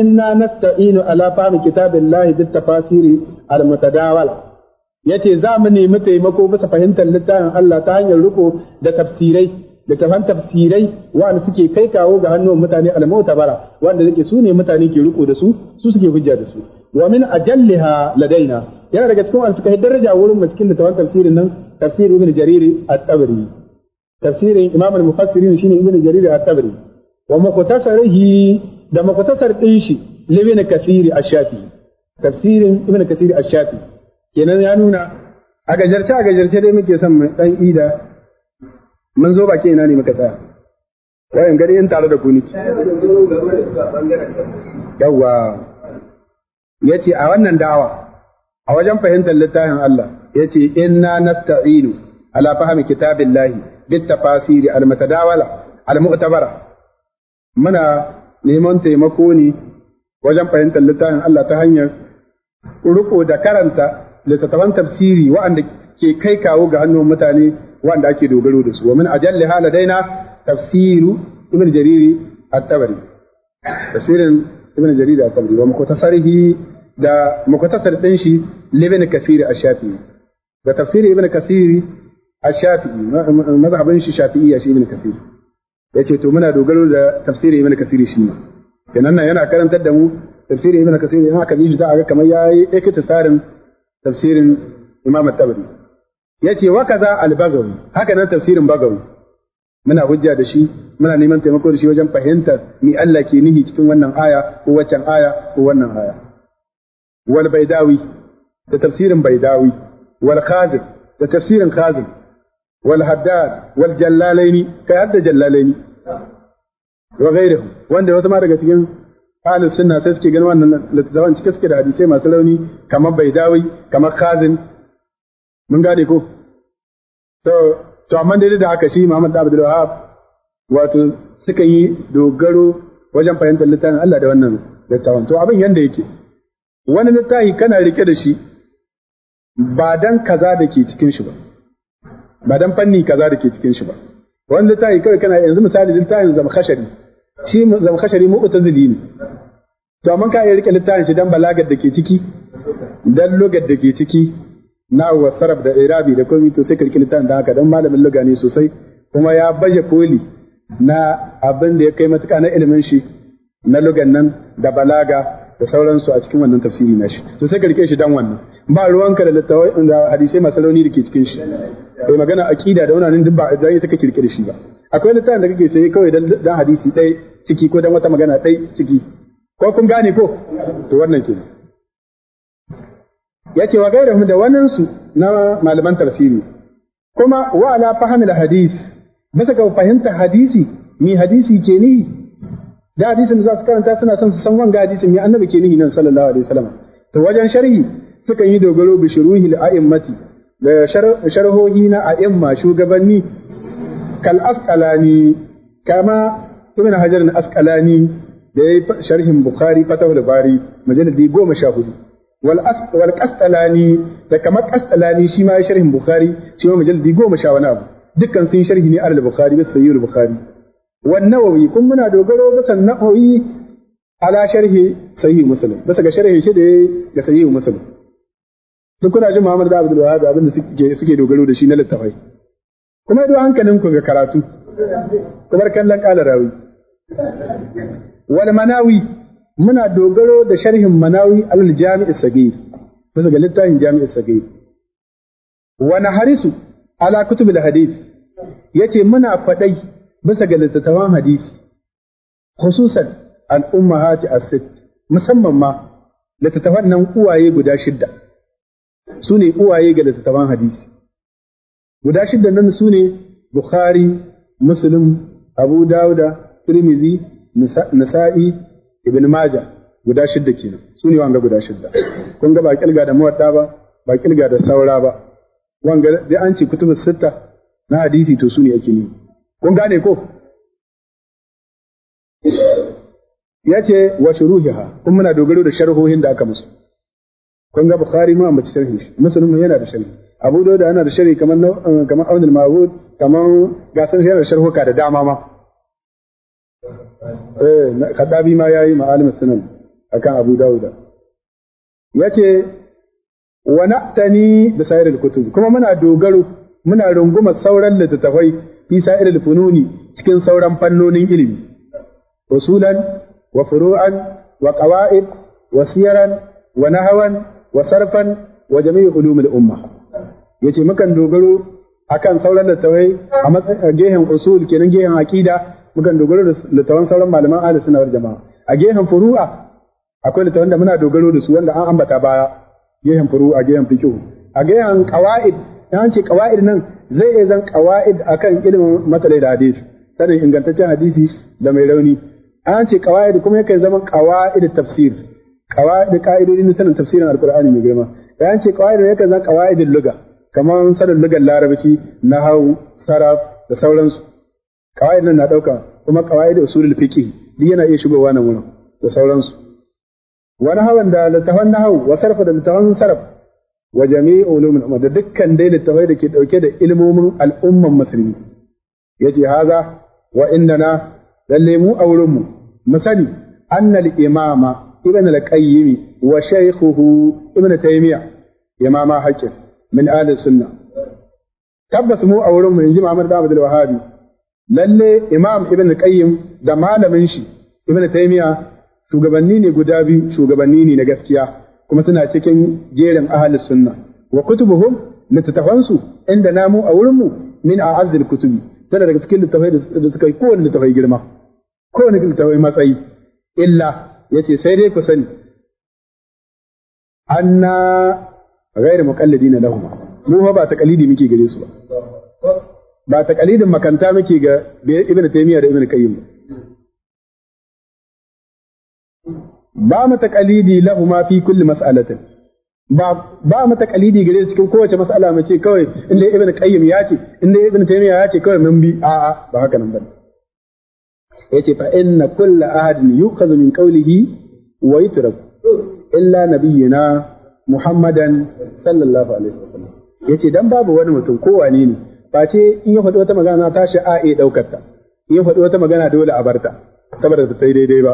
inna nasta'inu ala fahmi kitabillahi bit tafasiri al-mutadawala yace za mu nemi taimako bisa fahimtar littafin Allah ta hanyar riko da tafsirai da tafan tafsirai wanda suke kai kawo ga hannun mutane bara wanda suke su ne mutane ke riko da su su suke hujja da su wa min ajalliha ladaina yana daga cikin wanda suka yi daraja wurin maskin da tafan tafsirin nan tafsir ibn jarir at-tabari tafsirin imam al-mufassirin shine ibn jarir at-tabari wa muqtasarihi da muqtasar din shi libin kasiri ash tafsirin ibn kasiri ash-shafi kenan ya nuna a gajarce a gajarce dai muke son dan ida mun zo baki ina ne muka tsaya wayan gari in tare da ku niki yawa yace a wannan dawa, a wajen fahimtar littafin Allah yace inna nasta'inu ala fahmi kitabillahi bit tafasiri al mutadawala al mu'tabara muna neman taimako ne wajen fahimtar littafin Allah ta hanyar ruko da karanta littattafan tafsiri wa'anda ke kai kawo ga hannun mutane wa'anda ake dogaro da su wa min ajalli haladaina tafsiru ibn jariri at-tabari tafsirin ibn jariri at-tabari wa tasarihi da mukhtasar din shi libin kafiri ash-shafi'i da tafsiri ibn kasiri ash-shafi'i mazhabin shi ya shi ibn kasiri yace to muna dogaro da tafsiri ibn kasiri shi ma kenan yana karantar da mu tafsiri ibn kasiri in aka bi shi za a ga kamar yayi iktisarin tafsirin Imam Tabari yace wa kaza al-Bagawi haka nan tafsirin Bagawi muna hujja da shi muna neman taimako da shi wajen fahimtar mi Allah ke nihi cikin wannan aya ko waccan aya ko wannan aya wal Baidawi da tafsirin Baidawi wal Khazin da tafsirin Khazin wal Haddad wal Jallalaini kai hadda Jallalaini wa ghairihum wanda wasu ma daga cikin ahlus sunna sai suke ganin wannan littattafan cike suke da hadisai masu rauni kamar baidawi kamar kazin mun gane ko to to amma dai da haka shi Muhammad da Abdul Wahab wato suka yi dogaro wajen fahimtar littafin Allah da wannan littafin to abin yanda yake wani littafi kana rike da shi ba dan kaza da ke cikin shi ba ba dan fanni kaza da ke cikin shi ba wani littafi kawai kana yanzu misali littafin zama shi zamkashari mu'tazili ne to amma ka iya rike littafin shi dan balagar da ke ciki dan lugar da ke ciki na wa sarab da irabi da komi, to sai ka rike littafin da haka Don malamin loga ne sosai kuma ya baje koli na abin da ya kai matuka na ilimin shi na lugan nan da balaga da sauransu a cikin wannan tafsiri na shi to sai ka rike shi dan wannan ba ruwanka da littawai da hadisai masu launi da ke cikin shi bai magana aqida da wannan duk ba da ta ka kirkire shi ba akwai littafin da kake sai kawai dan hadisi ɗaya ciki ko dan wata magana ɗaya ciki ko kun gane ko to wannan ke ce wa gairahu da wannan su na malaman tafsiri kuma wa ala fahmil hadisi? bisa ga fahimta hadisi mi hadisi ke ni da hadisin da za su karanta suna son su san wanga hadisin mi annabi ke ni nan sallallahu alaihi wasallam to wajen sharhi suka yi dogaro bi shuruhil a'immati da sharhohi na a'imma shugabanni kal asqalani kama ibn hajar al asqalani da yayi sharhin bukhari fatahul bari majalladi 14 wal wal qastalani da kama qastalani shi ma sharhin bukhari shi ma majalladi 10 wani abu dukkan sun sharhi ne al bukhari bis sayyid al bukhari wan nawawi kun muna dogaro ga nawawi ala sharhi sahih muslim bisa ga sharhi shi da ga sahih muslim duk kuna jin Muhammad da Abdul Wahab abin da suke suke dogaro da shi na littafai kuma idan hankalin ku ga karatu kamar kallon kala rawi wal manawi muna dogaro da sharhin manawi al jami'i sagir bisa ga littafin jami'i sagir wa naharisu ala al hadith yace muna fadai bisa ga littattafan hadisi khususan al ummahati as-sitt musamman ma littattafan nan uwaye guda shidda su ne uwaye ga littattafan hadisi guda shidda nan su ne bukhari muslim abu dawuda tirmidhi nasa'i ibn maja guda shidda kenan su ne wanga guda shidda kun ga ba kilga da muwatta ba ba kilga da saura ba wanga da an ce kutubus sitta na hadisi to su ne ake nemi kun gane ko Ya ce wa shuruhiha kun muna dogaro da sharhohin da aka musu kun ga bukhari ma mace sharhi muslim yana da sharhi abu dawud yana da sharhi kamar eh, kamar aunul ma'bud kamar gasan yana da sharhuka da dama ma eh kadabi ma yayi ma'alim sunan akan abu dawud yace wa na'tani bi sa'ir al-kutub kuma muna dogaro muna runguma sauran littattafai fi sa'ir al-fununi cikin sauran fannonin ilimi usulan wa furu'an wa qawa'id wa siyaran wa nahawan wa sarfan wa jami'i ulumul umma yace mukan dogaro akan sauran littawai a matsayin gehen usul kenan gehen aqida mukan dogaro da littawan sauran malaman ahlus sunna wal jamaa a gehen furu'a akwai littawan da muna dogaro da su wanda an ambata baya gehen furu'a gehen fiqh a gehen qawaid dan ce qawaid nan zai iya zan qawaid akan ilimin masalai da hadisi sanin ingantaccen hadisi da mai rauni an ce qawaid kuma yakan zama qawaid tafsir qawaid qa'idodin sanin tafsirin alqur'ani mai girma bayan ce qawaid ne kan zan qawaidul lugha kamar sanin lugar larabci nahwu saraf da sauransu qawaid nan na dauka kuma qawaid usulul fiqh duk yana iya shigowa nan wurin da sauransu wani hawan da littafan nahawu wa sarfa da littafan sarf wa jami'u ulumul da dukkan dai littafai da ke dauke da ilmomin al'umman ya ce haza wa innana lalle a wurinmu mu sani annal imama ibn al-qayyim wa tabbas mu a wurin mu yanzu Muhammad bin Abdul imam ibn da malamin shi ibn taymiya biyu shugabanni ne na gaskiya kuma suna cikin jerin ahli wa kutubuhum littattafansu inda namu a wurin mu min a'azzil kutubi tana daga cikin littafai da suka yi girma kowane matsayi illa yace sai dai ku sani an na gairi ghairu na lahuma mu fa ba kalidi muke gare su ba ba kalidin makanta muke ga Ibn taymiya da Ibn qayyim ba mu kalidi lahuma fi kulli mas'alatin ba ba mu kalidi gare cikin kowace mas'ala mu ce kawai inda ibnu qayyim ya ce inda ibnu taymiya ya ce kawai mun bi a'a ba haka nan ne yace fa inna kulla ahadin yukhadhu min qawlihi wa yutrak illa nabiyyina muhammadan sallallahu alaihi wasallam yace dan babu wani mutum ko wane ne ba ce in ya faɗi wata magana tashi a a daukar ta in ya faɗi wata magana dole a barta saboda ta yi daidai ba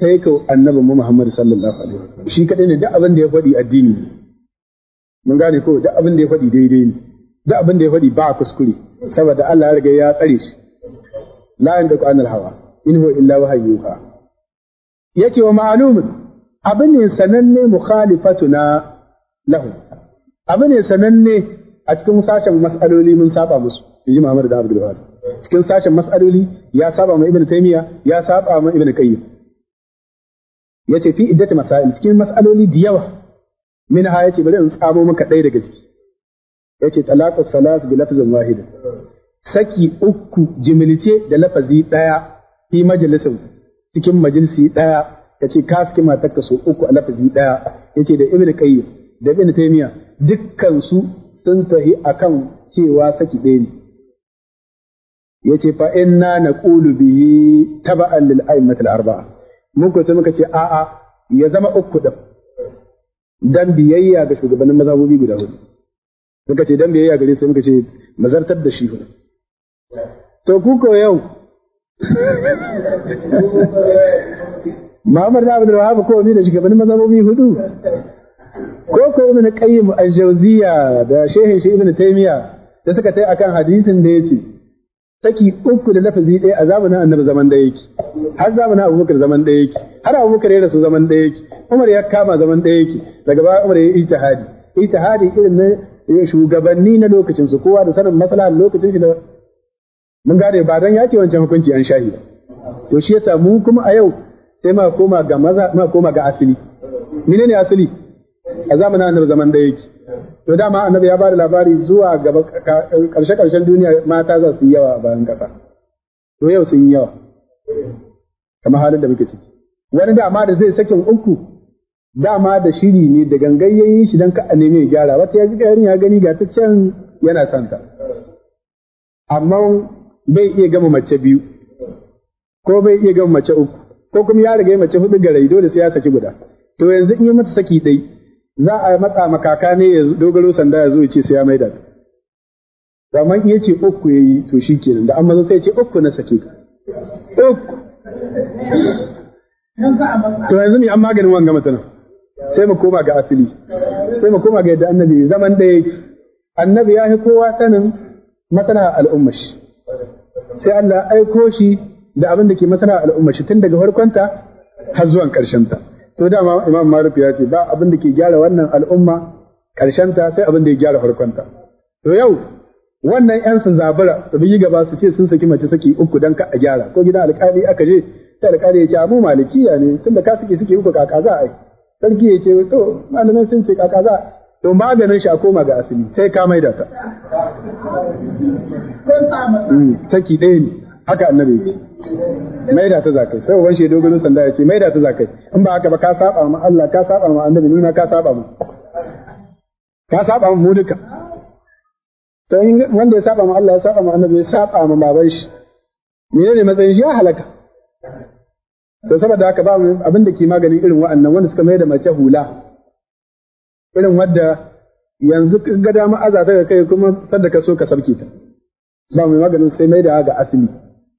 sai ka annabi mu Muhammad sallallahu alaihi wasallam shi kadai ne duk abin da ya faɗi addini ne mun gane ko duk abin da ya faɗi daidai ne duk abin da ya faɗi ba kuskure saboda Allah ya riga ya tsare shi la yandaku anil hawa in huwa illa wahayyuha yace wa ma'lumun abin ne sananne mukhalifatuna lahu abin ne sananne a cikin sashen mas'aloli mun saba musu inji Muhammad da Abdul Wahab cikin sashen mas'aloli ya saba ma Ibn Taymiyyah ya saba ma Ibn Qayyim yace fi iddati masail cikin mas'aloli da yawa min ha yace bari in tsamo maka ɗaya daga ciki yace talaqus salas bi lafzin wahidin saki uku jimilce da lafazi ɗaya fi majalisin cikin majalisi ɗaya ya ce ka saki matarka so uku a lafazi ɗaya ya ce da ibn qayyim da ibn taymiya dukkan su sun tahi akan cewa saki ɗaya ne ya ce fa inna naqulu bihi taba'an lil a'immatil arba'a mun ko sai muka ce a'a ya zama uku din dan biyayya ga shugabannin mazabobi guda hudu muka ce dan biyayya gare sai muka ce mazartar da shi hudu To kuko yau, Muhammad da Abdul Wahab ko da shugabannin mazhabobi hudu. Ko ko Ibn Qayyim al jawziya da Sheikh shi Ibn taymiya da suka tai akan hadisin da yake saki uku da lafazi ɗaya a zamanin Annabi zaman da yake. Har zamanin Abubakar zaman da yake. Har Abubakar ya rasu zaman da yake. Umar ya kama zaman da yake. Daga baya Umar ya yi ijtihadi. Ijtihadi irin na shugabanni na lokacin su kowa da sanin maslahar lokacin shi da mun gane ba dan yake wancan hukunci an shahi ba to shi yasa mu kuma a yau sai ma koma ga maza ma koma ga asali menene asali a zamanin annabi zaman da yake to dama annabi ya bada labari zuwa gaba karshe karshen duniya mata za su yi yawa a bayan kasa to yau sun yi yawa kamar halin da muke ciki wani dama da zai sakin uku dama da shiri ne da gangayyen shi dan ka a neme gyara wata ya ji ya gani ga ta can yana santa amma bai iya gama mace biyu ko bai iya gama mace uku ko kuma ya riga mace hudu garai dole sai ya saki guda to yanzu in yi mata saki dai za a matsa makaka ne ya dogaro sanda ya zo ya ce sai ya maida amma in ce uku yayi to shikenan da amma sai ya ce uku na saki uku to yanzu mai an maganin wanga nan sai mu koma ga asali sai mu koma ga yadda annabi zaman ɗaya annabi ya fi kowa sanin masana al'ummashi sai Allah aiko shi da abin da ke masana al'umma shi tun daga farkonta har zuwan ta. to dama imam Malik ya ce ba abin da ke gyara wannan al'umma ta sai abin da ya gyara farkonta to yau wannan ƴan sun zabura su bi gaba su ce sun saki mace saki uku dan ka a gyara ko gidan alƙali aka je sai alƙali ya ce mu malikiya ne tunda ka suke suke uku kaka za a yi sarki ya ce to malamin sun ce kaka za to maganin shi a koma ga asali sai ka maida ta hmm, saki ɗaya ne haka annabi Mai maida ta zakai sai uban shi dogon sanda ya ce maida ta zakai in ba haka ba ka saba ma Allah ka saba ma annabi ni ma ka saba ma ka saba ma mu duka to wanda ya saba ma Allah ya saba ma annabi ya saba ma baban shi Mene ne matsayin shi ya halaka to saboda haka ba abin da ke maganin irin wa'annan wanda suka maida mace hula irin wadda yanzu ga dama azata ga kai kuma sadda ka so ka sarki ta ba mai maganin sai mai da ga asali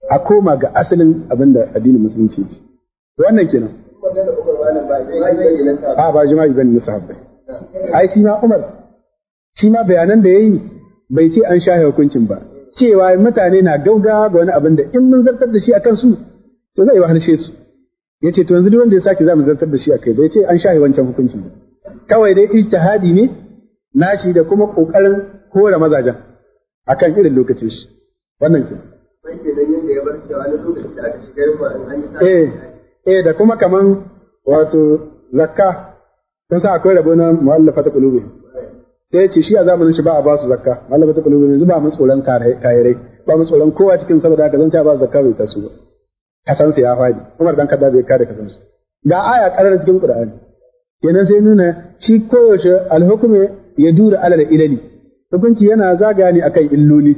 a koma ga asalin abin da addinin musulunci ce wannan kenan a ba jima'i bane musu bai ai shi ma Umar shi ma bayanan da yayi bai ce an shahe hukuncin ba cewa mutane na gauga ga wani abin da in mun zartar da shi akan su to zai wahalshe su yace to yanzu duk wanda ya za zamu zartar da shi akai bai ce an shahe wancan hukuncin ba kawai dai ijtihadi ne nashi da kuma kokarin kore mazajen akan irin lokacin shi wannan ke eh eh da kuma kaman wato zakka kun sa akwai rabo na mu'allafa ta kulubi sai ce shi a zamanin shi ba a ba su zakka mu'allafa ta kulubi yanzu ba mu tsoron kayarai ba mu tsoron kowa cikin saboda haka zan ba zakka bai taso ba kasansa ya fadi Umar dan kada zai kare kasansa ga aya karar cikin Qur'ani kenan sai nuna shi koyaushe alhukumi ya dura alal ilali hukunci yana zaga ne akan illoli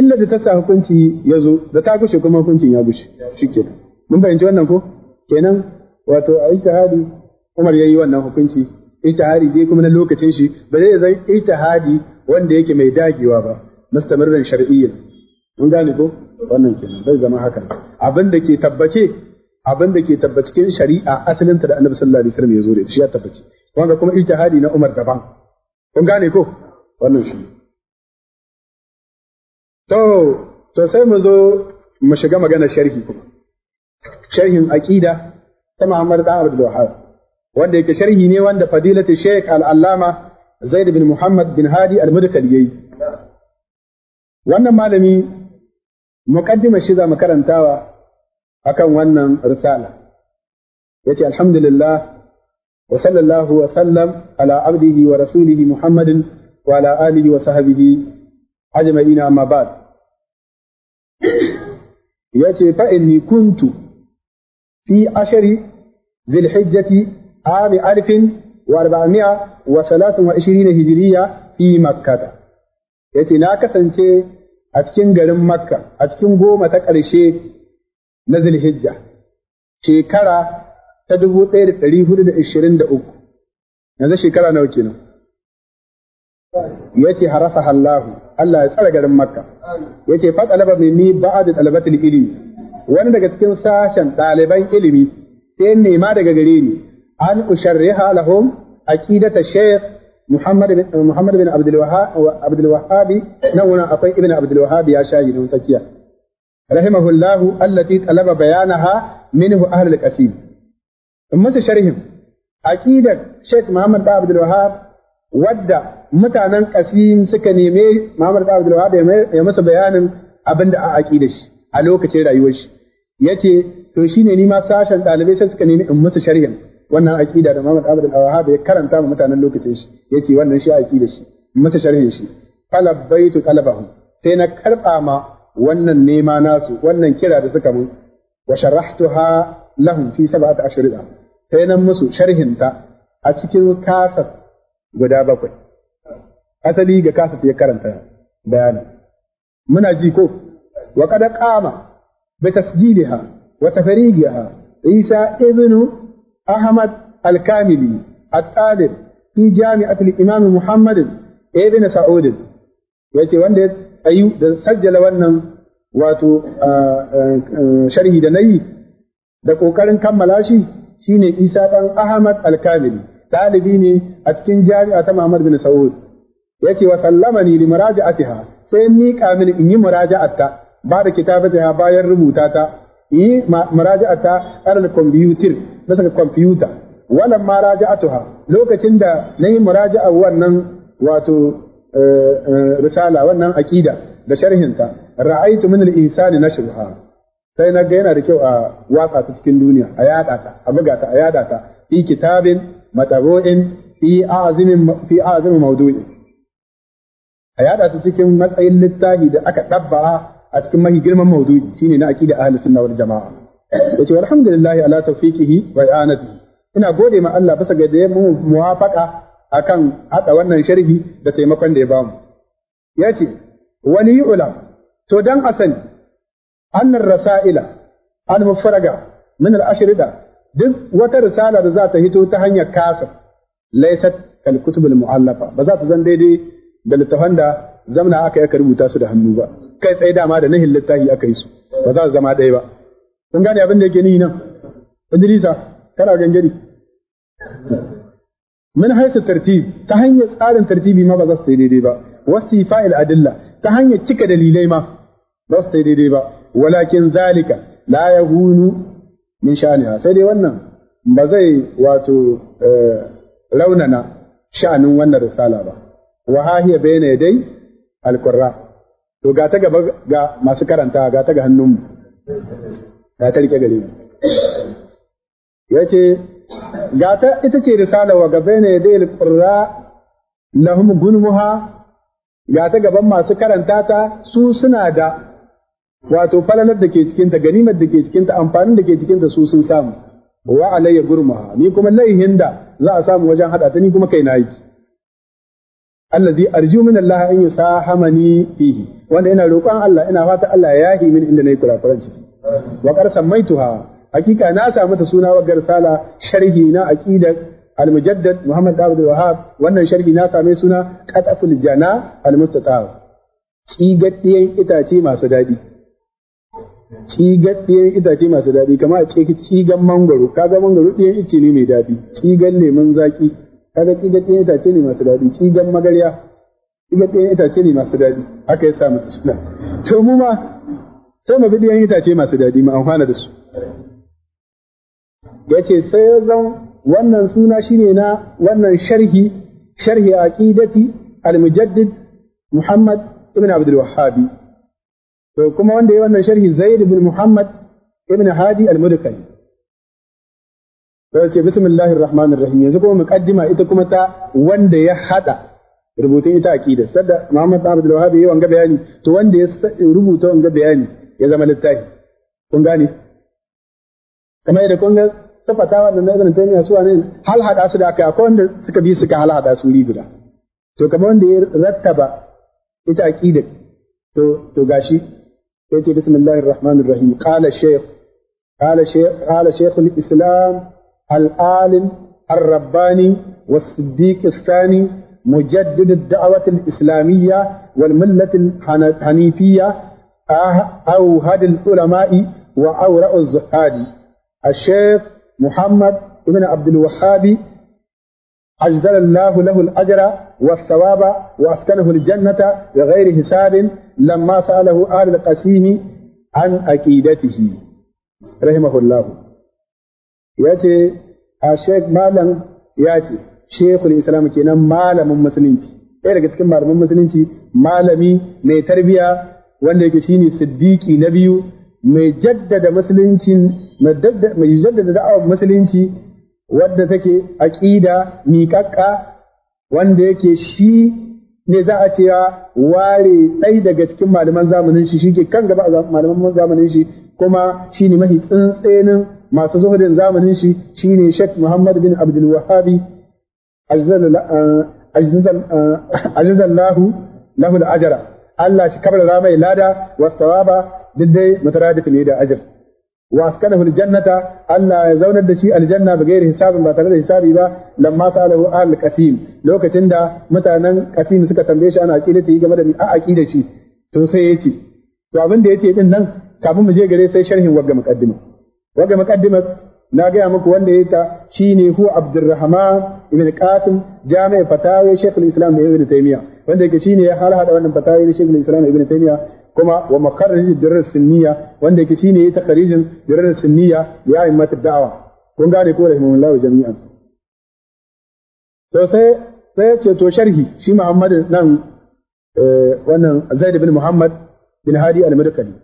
illa da ta sa hukunci ya zo da ta gushe kuma hukuncin ya gushe shikenan mun fahimci wannan ko kenan wato a ijtihadi Umar yayi wannan hukunci ijtihadi dai kuma na lokacin shi ba zai zai ijtihadi wanda yake mai dagewa ba mustamirran shar'iyyan mun gane ko wannan kenan bai zama haka abin da ke tabbace abin da ke tabbacikin shari'a asalin ta da Annabi sallallahu alaihi wasallam ya zo da shi ya tabbaci wanda kuma ijtihadi na Umar daban kun gane ko wannan shi to to sai mu zo mu shiga magana sharhi kuma sharhin aqida ta Muhammad da Abdul Wahhab wanda yake sharhi ne wanda fadilati Sheikh Al-Allama Zaid bin Muhammad bin Hadi Al-Mudkali yayi wannan malami muqaddimar shi za mu karantawa akan wannan risala yace alhamdulillah wa sallallahu wa sallam ala abdihi wa rasulihi muhammadin wa ala alihi wa sahbihi ajma'ina amma ba'd yace fa inni kuntu fi ashari dhil hijjati عام 1423 هجرية في مكة yace na kasance a cikin garin Makka a cikin goma ta ƙarshe na Zulhijja, shekara ta dubu ɗaya da ɗari hudu da ishirin da uku, yanzu shekara nawa kenan. Ya ce harasa Allahu, Allah ya tsara garin Makka. Ya ce fa ɗalaba mai ni ba'a da ɗalabatul ilimi, wani daga cikin sashen ɗaliban ilimi sai nema daga gare ni, an usharriha lahum aqidata Sheikh Muhammad bin Abdul Wahhab nan wani akwai Ibn Abdul Wahhab ya sha yi tsakiya. rahimahullahu allati talaba bayanaha minhu ahlul qasid in musu sharhin aqidar Sheikh Muhammad bin Abdul Wahhab wadda mutanen Qasim suka neme Muhammad bin Abdul Wahhab ya masa bayanin abinda a aqidar shi a lokacin rayuwar shi yace to shine ni ma sashen dalibai sai suka nemi in musu sharhin wannan aqida da Muhammad Abdul Wahhab ya karanta ma mutanen lokacin shi yace wannan shi aqidar shi musu sharhin shi talabbaitu talabahum sai na karba ma wannan nema nasu wannan kira da suka mun wa sharahtuha lahum fi sab'ati ashrida sai nan musu sharhinta a cikin kasaf guda bakwai asali ga kasaf ya karanta bayani. muna ji ko wa qad qama bi tasjidiha wa tafrigiha isa ibnu ahmad al-kamili at-talib fi jami'ati al-imam muhammad ibn sa'ud yace wanda tsayu da sajjala wannan wato sharhi da nayi da ƙoƙarin kammala shi shine Isa ɗan Ahmad Alkamili ɗalibi ne a cikin jami'a ta Muhammad bin Saud yace wa sallamani li muraja'atiha sai miƙa mini in yi muraja'atta ba da kitabatiha bayan rubuta ta yi muraja'ata alal computer bisa ga computer walan ma lokacin da nayi muraja'a wannan wato risala wannan aqida da sharhinta ra'aytu min al-insani nashruha sai na ga yana da kyau a watsa ta cikin duniya a yada ta a buga ta a yada ta fi kitabin matabu'in fi azimin fi azimin mawdu'i a yada ta cikin matsayin littafi da aka dabba'a a cikin mahi girman mawdu'i shine na aqida ahlus sunna wal jama'a yace alhamdulillah ala tawfiqihi wa i'anatihi ina gode ma Allah bisa ga da mu muwafaqa akan haɗa wannan sharhi da taimakon da ya bamu. Ya ce, wani ula to dan asali, annan rasa'ila, al-mufarraga, min al da duk wata risala da za ta hito ta hanyar kasa laisat kalkutubul mu'allafa, ba za ta zan daidai da littafan da zamna aka yi rubuta su da hannu ba, kai tsaye dama da nahin littafi aka yi su, ba za su zama ɗaya ba. Kun gane abin da yake ni nan? Idrisa, kana gangari. Mun haythu tartib ta hanyar tsarin tartibi ma ba za su yi daidai ba wasi fa'il a dilla. ta hanyar cika dalilai ma ba su yi daidai ba walakin zalika la yahunu min sha'aniha sai dai wannan ba zai wato eh, raunana sha'anin wannan risala ba wa hahiya dai? yadai alqurra to ga ta gaba ga masu karanta ga ta ga hannunmu ga ta rike gare mu yace gata ita ce risala wa gabe ne da ilƙurra lahum gunmuha gata gaban masu karanta ta su suna da wato falalar da ke cikinta ganimar da ke cikinta amfanin da ke cikinta su sun samu wa alayya gurmuha ni kuma laihin da za a samu wajen haɗa ta ni kuma kai na yi allazi arju min Allah an yusahamani fihi wanda ina roƙon Allah ina fata Allah ya yahi min inda nayi kurakuran ciki wa qarsamaituha hakika na samu ta suna wa garsala sharhi na aqidar al-mujaddad Muhammad Dawud Wahab wannan sharhi na same suna qataful jana al-mustata'a cigaddiyan itace masu dadi cigaddiyan itace masu dadi kamar a ce ki cigan mangoro kaga mangoro ɗiyan ice ne mai dadi cigan lemon zaki kaga cigaddiyan itace ne masu dadi cigan magarya cigaddiyan itace ne masu dadi haka ya samu suna to mu ma sai mu bi ɗiyan itace masu dadi mu amfana da su yace sai zan wannan suna shine na wannan sharhi sharhi aqidati al-mujaddid Muhammad ibn Abdul Wahhabi to kuma wanda yayi wannan sharhi Zaid ibn Muhammad ibn Hadi al-Mudkali to yace bismillahir rahmanir rahim yanzu kuma muqaddima ita kuma ta wanda ya hada rubutun ita aqida sadda Muhammad ibn Abdul Wahhabi yayi wanga bayani to wanda ya rubuta wanga bayani ya zama littafi kun gane kamar yadda kun ga su fatawa da na ibn taymiya su ne hal hada su da kai akwai wanda suka bi suka hal hada su guda to kamar wanda ya rattaba ita aqida to to gashi sai ce bismillahir rahmanir rahim qala shaykh qala shaykh qala shaykh al-islam al-alim الرباني والصديق الثاني مجدد الدعوة الإسلامية والملة الحنيفية أوهد العلماء وأورأ الزهاد الشيخ محمد ابن عبد الوهاب أجزل الله له الأجر والثواب وأسكنه الجنة بغير حساب لما سأله آل القسيم عن عقيدته رحمه الله يأتي الشيخ مالا يأتي شيخ الإسلام كنا مالا من مسلمتي ɗaya daga cikin malaman musulunci malami mai tarbiya wanda yake shine siddiqi na biyu mai jaddada musulunci mai jaddada da'awar musulunci wadda take aqida miƙaƙƙa wanda yake shi ne za a cewa ware tsai daga cikin malaman zamanin shi shi ke kan gaba a malaman zamanin shi kuma shi ne mafi tsintsenin masu zuhudin zamanin shi shi ne Sheikh Muhammad bin Abdul Wahhabi ajizallahu lahu da Ajara. Allah shi kabrara mai lada wa sawaba duk dai mutaradif ne da ajr wa askanahu aljannata Allah ya zaunar da shi aljanna ba gairi hisabin ba tare da hisabi ba lamma salahu al lokacin da mutanen qasim suka tambaye shi ana ta yi game da ni a aqida shi to sai yace to abin da yake din nan kafin mu je gare sai sharhin wagga muqaddima wagga muqaddima na gaya muku wanda ya ta shine hu Abdurrahman ibn Qasim jami'i Fatawi shaykhul islam Ibn taymiya wanda yake shine ya harhaɗa wannan fatawi shaykhul islam Ibn taymiya kuma wa makarrij dirar sunniya wanda yake shine ya takarijin dirar sunniya ya mata da'awa kun gane ko rahimahullah jami'an to sai sai ce to sharhi shi Muhammad nan eh, wannan Zaid bin Muhammad bin Hadi al-Madkali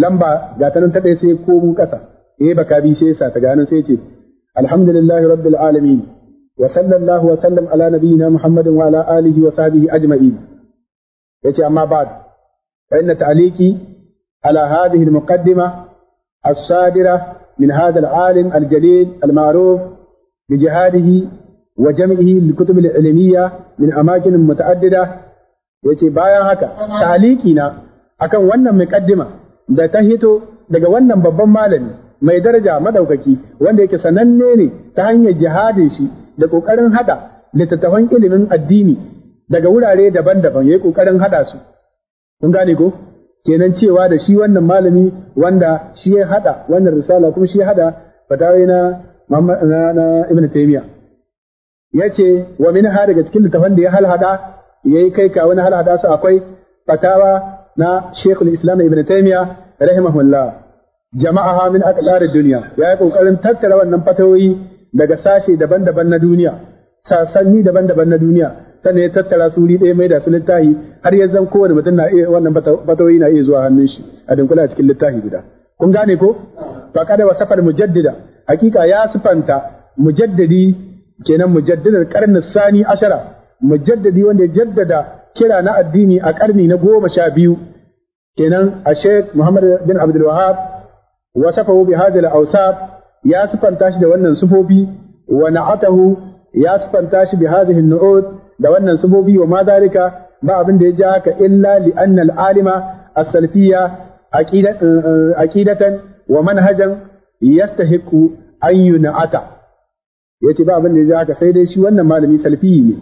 lamba ga ta nan ta dai sai ko mun kasa eh baka bi sai sa ta ganin sai ce alhamdulillahi rabbil alamin wa sallallahu wa sallam ala nabiyyina Muhammadin wa ala alihi wa sahbihi ajma'in yace amma ba'd فإن تعليقي على هذه المقدمة الصادرة من هذا العالم الجليل المعروف بجهاده وجمعه للكتب العلمية من أماكن متعددة yace bayan haka taliki na akan wannan muqaddima da ta hito daga wannan babban malami mai daraja madaukaki wanda yake sananne ne ta hanyar jihadin shi da ƙoƙarin hada littattafan ilimin addini daga wurare daban-daban ya yi ƙoƙarin hada su kun gane ko kenan cewa da shi wannan malami wanda shi ya hada wannan risala kuma shi ya hada fatawai na ibn taymiya yace wa min ha daga cikin littafan da ya ya yayi kai ka wani halhada su akwai fatawa na Sheikhul islam ibn taymiya rahimahullah jama'aha min aqdar duniya ya yi kokarin tattara wannan fatawoyi daga sashe daban-daban na duniya sasanni daban-daban na duniya sannan ya tattara su wuri ɗaya mai da su littafi har ya zan kowane mutum na iya wannan fatawoyi na iya zuwa hannun shi a dunkula a cikin littafi guda kun gane ko fa da wasafar safar mujaddida hakika ya sifanta mujaddadi kenan mujaddidar karni sani ashara mujaddadi wanda ya jaddada kira na addini a karni na goma sha biyu kenan a Sheikh Muhammad bin Abdul Wahab wasafahu bi hadhihi awsaf ya sifanta shi da wannan sufofi wa na'atahu ya sifanta shi bi hadhihi an-nu'ud da wannan sufofi wa ma zalika ba abin da ya ja haka illa li annal alima as-salfiyya aqidatan wa manhajan yastahiqu an yunata yace ba abin da ya ja haka sai dai shi wannan malami salfiyi ne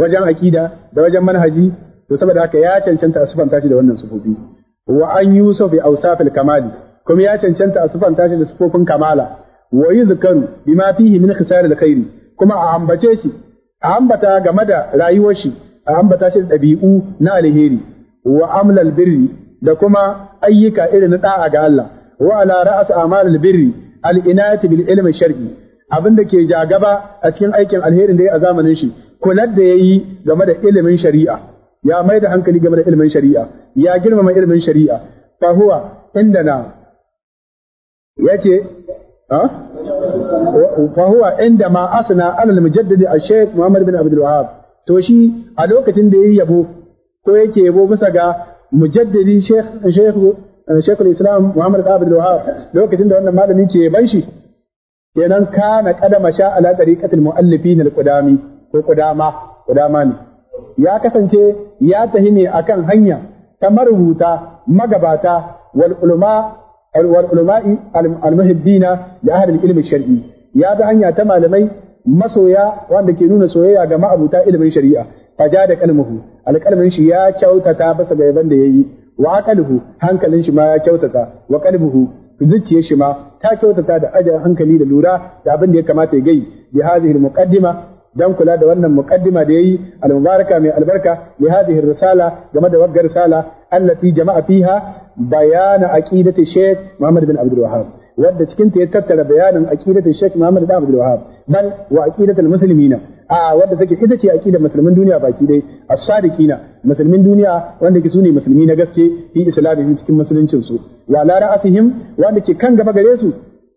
wajen aqida da wajen manhaji to saboda haka ya cancanta a sufanta shi da wannan sufofi wa an yusuf bi awsafil kamali kuma ya cancanta a sufanta shi da sufofin kamala wa yuzkaru bima fihi min khisar al-khairi kuma a ambace shi a ambata game da rayuwar shi a ambata shi da ɗabi'u na alheri wa amlal birri da kuma ayyuka irin na da'a ga Allah wa ala ra'as amalil birri al inati bil ilmi abin da ke jagaba a cikin aikin alherin da ya a zamanin shi kular da yayi game da ilimin shari'a ya mai da hankali game da ilimin shari'a ya girmama ilimin shari'a fa huwa indana yace fa huwa inda ma asna alal mujaddid a shaykh Muhammad bin Abdul Wahhab to shi a lokacin da yayi yabo ko yake yabo bisa ga mujaddidi shaykh shaykh islam Muhammad bin Abdul Wahhab lokacin da wannan malami ke ban shi kenan kana qadama sha ala tariqatil muallifin al ko ne ya kasance ya tahi ne akan hanya ta marubuta magabata wal'ulma. والعلماء المهدين لأهل العلم الشرعي يا ده hanya ta malamai masoya wanda ke nuna soyayya ga ma'abuta ilimin shari'a fajada kalmuhu alƙalmin shi ya kyautata basa ga yaban da yayi wa aqaluhu hankalin shi ma ya kyautata wa qalbuhu zuciyar shi ma ta kyautata da ajin hankali da lura da abin da ya kamata ya gai bi hadhihi muqaddima dan kula da wannan muqaddima da yayi al-mubaraka mai albarka li hadhihi risala game da waggar risala allati jama'a fiha bayana aqidati Sheikh Muhammad bin Abdul Wahhab wadda cikin ta ya tattara bayanin aqidati Sheikh Muhammad bin Abdul Wahhab bal wa aqidatul muslimina a wadda take ita ce aqidar musulmin duniya baki dai as-sadiqina musulmin duniya wanda ke sune musulmi na gaske fi islamin cikin musuluncin su wa la ra'asihim wanda ke kan gaba gare su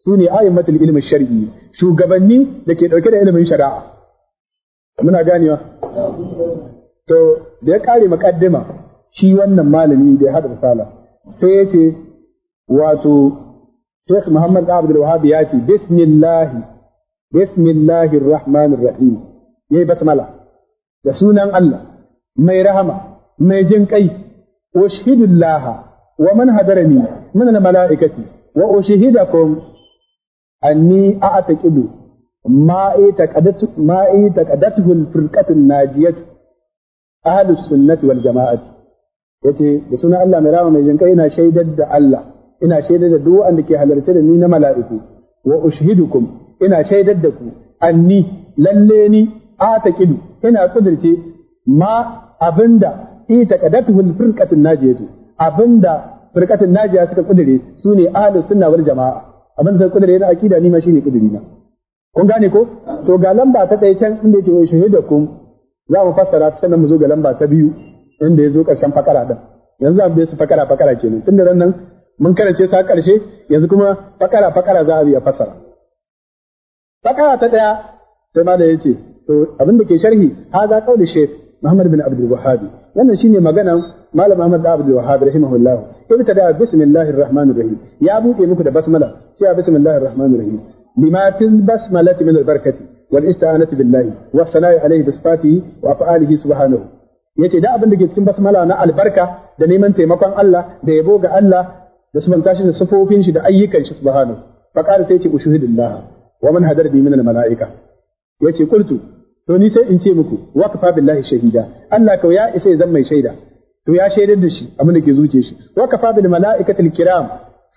sune ayyatul ilmi shar'i shugabanni da ke dauke da ilimin shari'a muna ganewa to da ya kare makaddama shi wannan malami da ya hada misala sai ya ce wato Sheikh Muhammad Abdul wahab ya ce bismillah bismillahir rahmanir rahim yayi basmala da sunan Allah mai rahama mai jin kai ushhidullah wa man hadarani min malaikati wa ushhidakum anni a'taqidu ما اعتقدته ما اعتقدته الفرقة الناجية wal jama'a والجماعة yace da sunan Allah mai rama mai jinka ina shaidar da Allah ina shaidar da duk da ke halarta da ni na mala'iku wa ushhidukum ina shaidar da ku anni lalle ni ataqidu ina kudirce ma abinda ita qadatuhul firqatun najiyatu abinda firqatun najiya suka kudire sune ahlus sunna wal jamaa abin da kudire na akida ni ma shine kudiri na kun gane ko to ga lamba ta tsaye can inda yake wa ushhidukum za mu fassara ta sannan mu zo ga lamba ta biyu inda ya zo ƙarshen fakara ɗin, yanzu an bi su fakara fakara kenan tunda ran nan mun karance sa ƙarshe yanzu kuma fakara fakara za a ya fassara. fakara ta ɗaya, sai ma da yace to abin da ke sharhi haza qauli shef Muhammad bin Abdul wahabi, wannan shine magana Malam Ahmad da Abdul rahimahullahu, rahimahullah ibtada bismillahir rahmanir rahim ya buɗe muku da basmala a bismillahir rahmanir rahim lima fil basmalati min al barkati wal isti'anati billahi wa sana'i alayhi bi sifatihi wa af'alihi subhanahu Ya ce da abin da ke cikin basmala na albarka da neman taimakon Allah da yabo ga Allah da subanta shi da sufofin shi da ayyukan shi subhanahu fa qala sai ce ushuhidillah wa man hadar bi min al malaika yace qultu to ni sai in ce muku wa kafa billahi shahida Allah kawai ya isa zan mai shaida to ya shaidar da shi abin da ke zuciyar shi wa kafa bil malaikatil kiram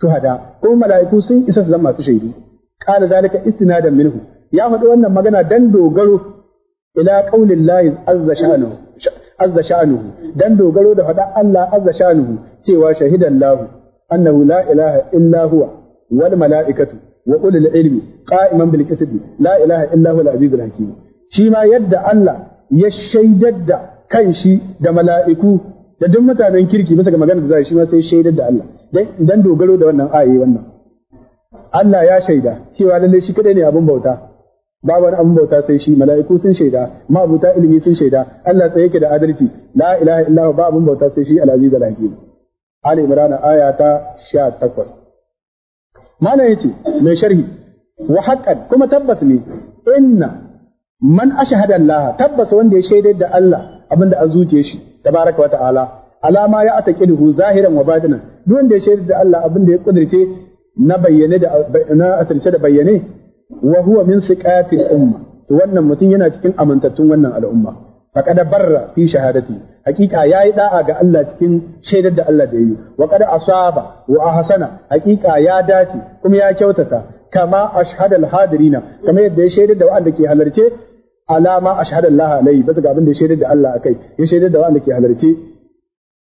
shuhada ko mala'iku sun isa su zama masu shaidu qala zalika istinadan minhu ya faɗi wannan magana dan dogaro ila qaulillahi azza shanu. azza sha'nuhu dan dogaro da faɗa Allah azza sha'nuhu cewa shahidan lahu annahu la ilaha illa huwa wal mala'ikatu wa ulul ilmi qa'iman bil qisdi la ilaha illa huwa al-azizul hakim shi ma yadda Allah ya shaidar da kanshi da mala'iku da duk mutanen kirki bisa ga magana da zai shi ma sai shaidar da Allah dan dogaro da wannan ayi wannan Allah ya shaida cewa lalle shi kadai ne abun bauta ba wani abin bauta sai shi mala'iku sun shaida mabuta ilimi sun shaida Allah tsaye yake da adalci la ilaha illa ba abin bauta sai shi al-aziz al-hakim ali imran aya ta 18 yace mai sharhi wa haqqan kuma tabbas ne inna man ashhada Allah tabbas wanda ya shaidar da Allah abinda a zuciyar shi tabaraka wa ta'ala alama ya ataqidu zahiran wa batinan duk wanda ya shaidar da Allah abinda ya kudirce na bayyane da na asirce da bayyane wa huwa min siqatil umma to wannan mutum yana cikin amintattun wannan al'umma faqad barra fi shahadati hakika yayi da'a ga Allah cikin shaidar da Allah da yi wa qad asaba wa ahsana hakika ya dace kuma ya kyautata kama ashhadu al-hadirina kamar yadda ya shaidar da wanda ke halarce alama ashhadu Allah alai bisa ga abin da ya shaidar da Allah akai ya shaidar da wanda ke halarce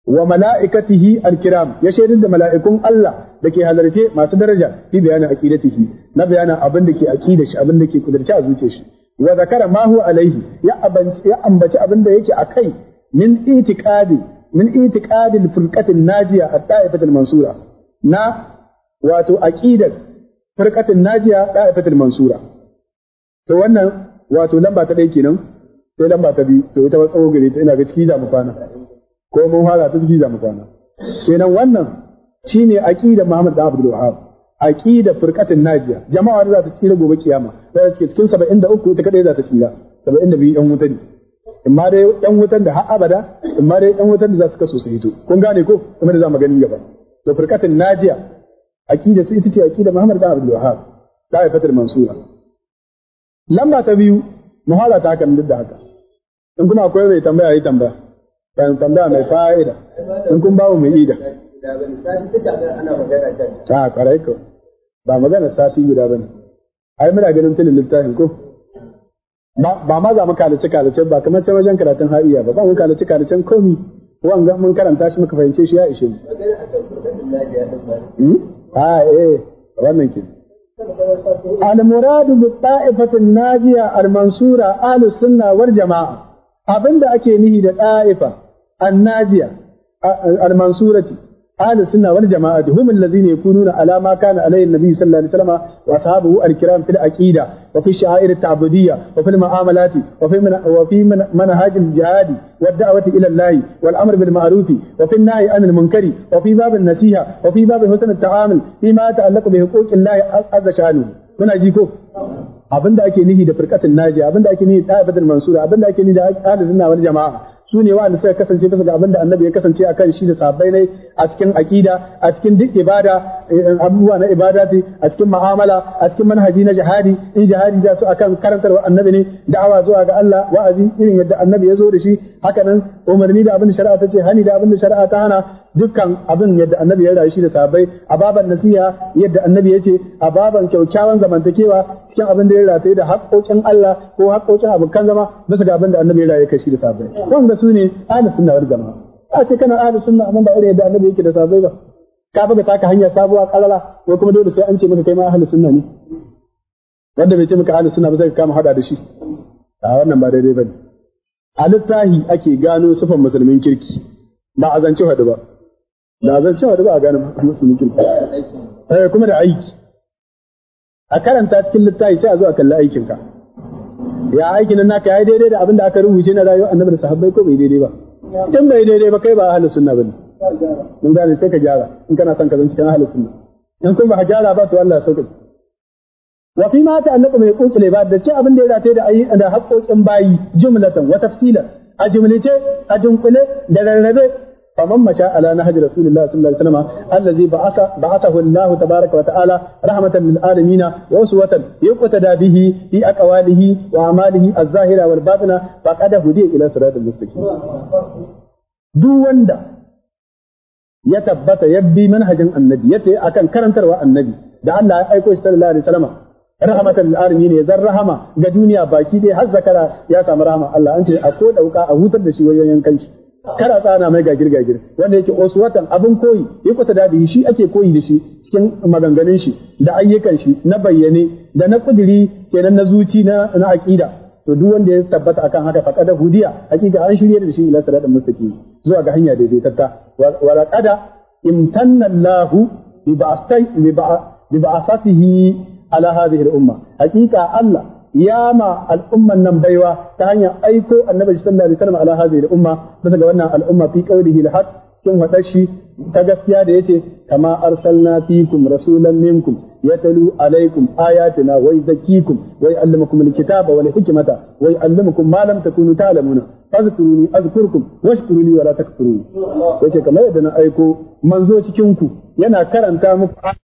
wa mala'ikatihi al-kiram ya shaidar da mala'ikun Allah da ke halarce masu daraja fi bayanin aqidatihi na bayanin abin da ke aqida shi abin da ke kudurci a zuciyar shi wa zakara ma hu alaihi ya ambaci ya ambaci abin da yake akai min itiqadi min itiqadi al-firqati najiya at-ta'ifati mansura na wato aqidar firqatin najiya ta'ifati al-mansura to wannan wato lamba ta ɗaya kenan sai lamba ta biyu to ita ba tsawo ta ina ga ciki mu kwana ko mun fara ta ciki mu kwana kenan wannan Shi shine aqida Muhammad da Abdul Wahhab aqida firqatin najiya jama'a da za ta tsira gobe kiyama da suke cikin 73 ita kadai za ta tsira 72 yan wuta ne ma dai yan wutan da har abada imma dai yan wutan da za su kaso su hito kun gane ko kuma da za mu gani gaba da firqatin najiya aqida su ita ce aqida Muhammad da Abdul Wahhab da'ifatul mansura lamba ta biyu muhala ta kan duk da haka in kuma akwai mai tambaya yi tambaya bayan tambaya mai fa'ida in kun babu mai ida guda bane sati duka ana magana kan ta ah, ba magana sati guda ai muna ganin tilin littafin ko ba ma za mu kalace kalace ba kamar can wajen karatun ha'iya ba ba mu kalace kalacen komi wanga mun karanta shi muka fahimce shi ya ishe mu a hmm? ah, eh wannan ke المراد بالطائفة الناجية المنصورة أهل السنة والجماعة أبن دا أكي نهي دا الناجية المنصورة أهل السنة والجماعة هم الذين يكونون على ما كان عليه النبي صلى الله عليه وسلم وأصحابه الكرام في العقيدة وفي الشعائر التعبدية وفي المعاملات وفي من وفي من منهاج الجهاد والدعوة إلى الله والأمر بالمعروف وفي النهي عن المنكر وفي باب النصيحة وفي باب حسن التعامل فيما يتعلق بحقوق الله عز شأنه muna ji ko abinda ake nihi da firkatin naji abinda ake nihi da abadan mansura abinda ake nihi da ahlus sunna wal jamaa su ne wa'anda suka kasance bisa ga abin da annabi ya kasance a kan shi da sabbai ne a cikin akida a cikin duk ibada eh, abubuwa na ibada, a cikin ma'amala a cikin manhaji na jihadi in jihadi da su akan karantarwa annabi ne da'awa zuwa ga Allah wa'azi irin yadda annabi ya zo da shi haka nan umarni da abin da shari'a ta ce hani da abin da shari'a ta hana dukkan abin yadda annabi ya rayu shi da sahabbai a baban nasiha yadda annabi yace a baban kyaukyawan zamantakewa cikin abin da ya rataye da haƙoƙin Allah ko haƙoƙin abokan zama bisa ga abin da annabi ya rayu kai shi da sahabbai don ga su ne ahlus sunna wal jama'a a ce kana ahlus sunna amma ba irin yadda annabi yake da sahabbai ba ka buga taka hanya sabuwa kalala ko kuma dole sai an ce maka kai ma ahlus sunna ne wanda bai ce maka ahlus sunna ba sai ka kama hada da shi a wannan ba daidai bane a littahi ake gano sifan musulmin kirki ba a zance hadu ba da zance hadu ba a gano musulmin kirki eh kuma da aiki a karanta cikin littahi sai a zo a kalli aikinka ya aikin nan naka yayi daidai da abin da aka rubuce na rayuwar annabi da sahabbai ko bai daidai ba in bai daidai ba kai ba ahlus sunna bane mun gane sai ka gyara in kana son ka zance kana ahlus sunna in kuma ba ka gyara ba to Allah ya sauke wa fi ma ta'allaqu bi huquqil ba da ce abin da ya rataye da ayi da haƙoƙin bayi jumlatan wa tafsilan a jimlice a dunkule da rarrabe faman masha ala nahj rasulillah sallallahu alaihi wasallam allazi ba'atha ba'athahu Allah tabaaraka wa ta'ala rahmatan lil alamin wa uswatan yuqtada bihi fi aqwalihi wa amalihi az-zahira wal batina faqad hudiya ila siratal mustaqim duk wanda ya tabbata ya bi manhajin annabi yace akan karantarwa annabi da Allah ya aiko shi sallallahu alaihi wasallam rahmatan lil alamin ne zan rahama ga duniya baki dai har zakara ya samu rahama Allah an ce a ko dauka a hutar da shi wayoyin kanshi kada tsana mai gagir gagir wanda yake uswatan abin koyi ya kuta da shi ake koyi da shi cikin maganganun shi da ayyukan shi na bayyane da na kudiri kenan na zuci na na aqida to duk wanda ya tabbata akan haka faqada hudiya hakika an shirye da shi ila salatin mustaqim zuwa ga hanya daidaitatta wa laqada imtanna Allahu bi ba'asatihi ala hadhihi umma haqiqa Allah ya ma al'umman nan baiwa ta hanyar aiko annabi sallallahu alaihi wasallam ala hadhihi al-umma bisa wannan al'umma fi qawlihi al-haq sun wadar shi ta gaskiya da ce, kama arsalna fikum rasulan minkum yatalu alaikum ayatina wa yuzakkikum wa yuallimukum al-kitaba wal hikmata wa yuallimukum ma lam takunu ta'lamuna fadhkuruni kamar yadda na aiko manzo cikin ku yana karanta muku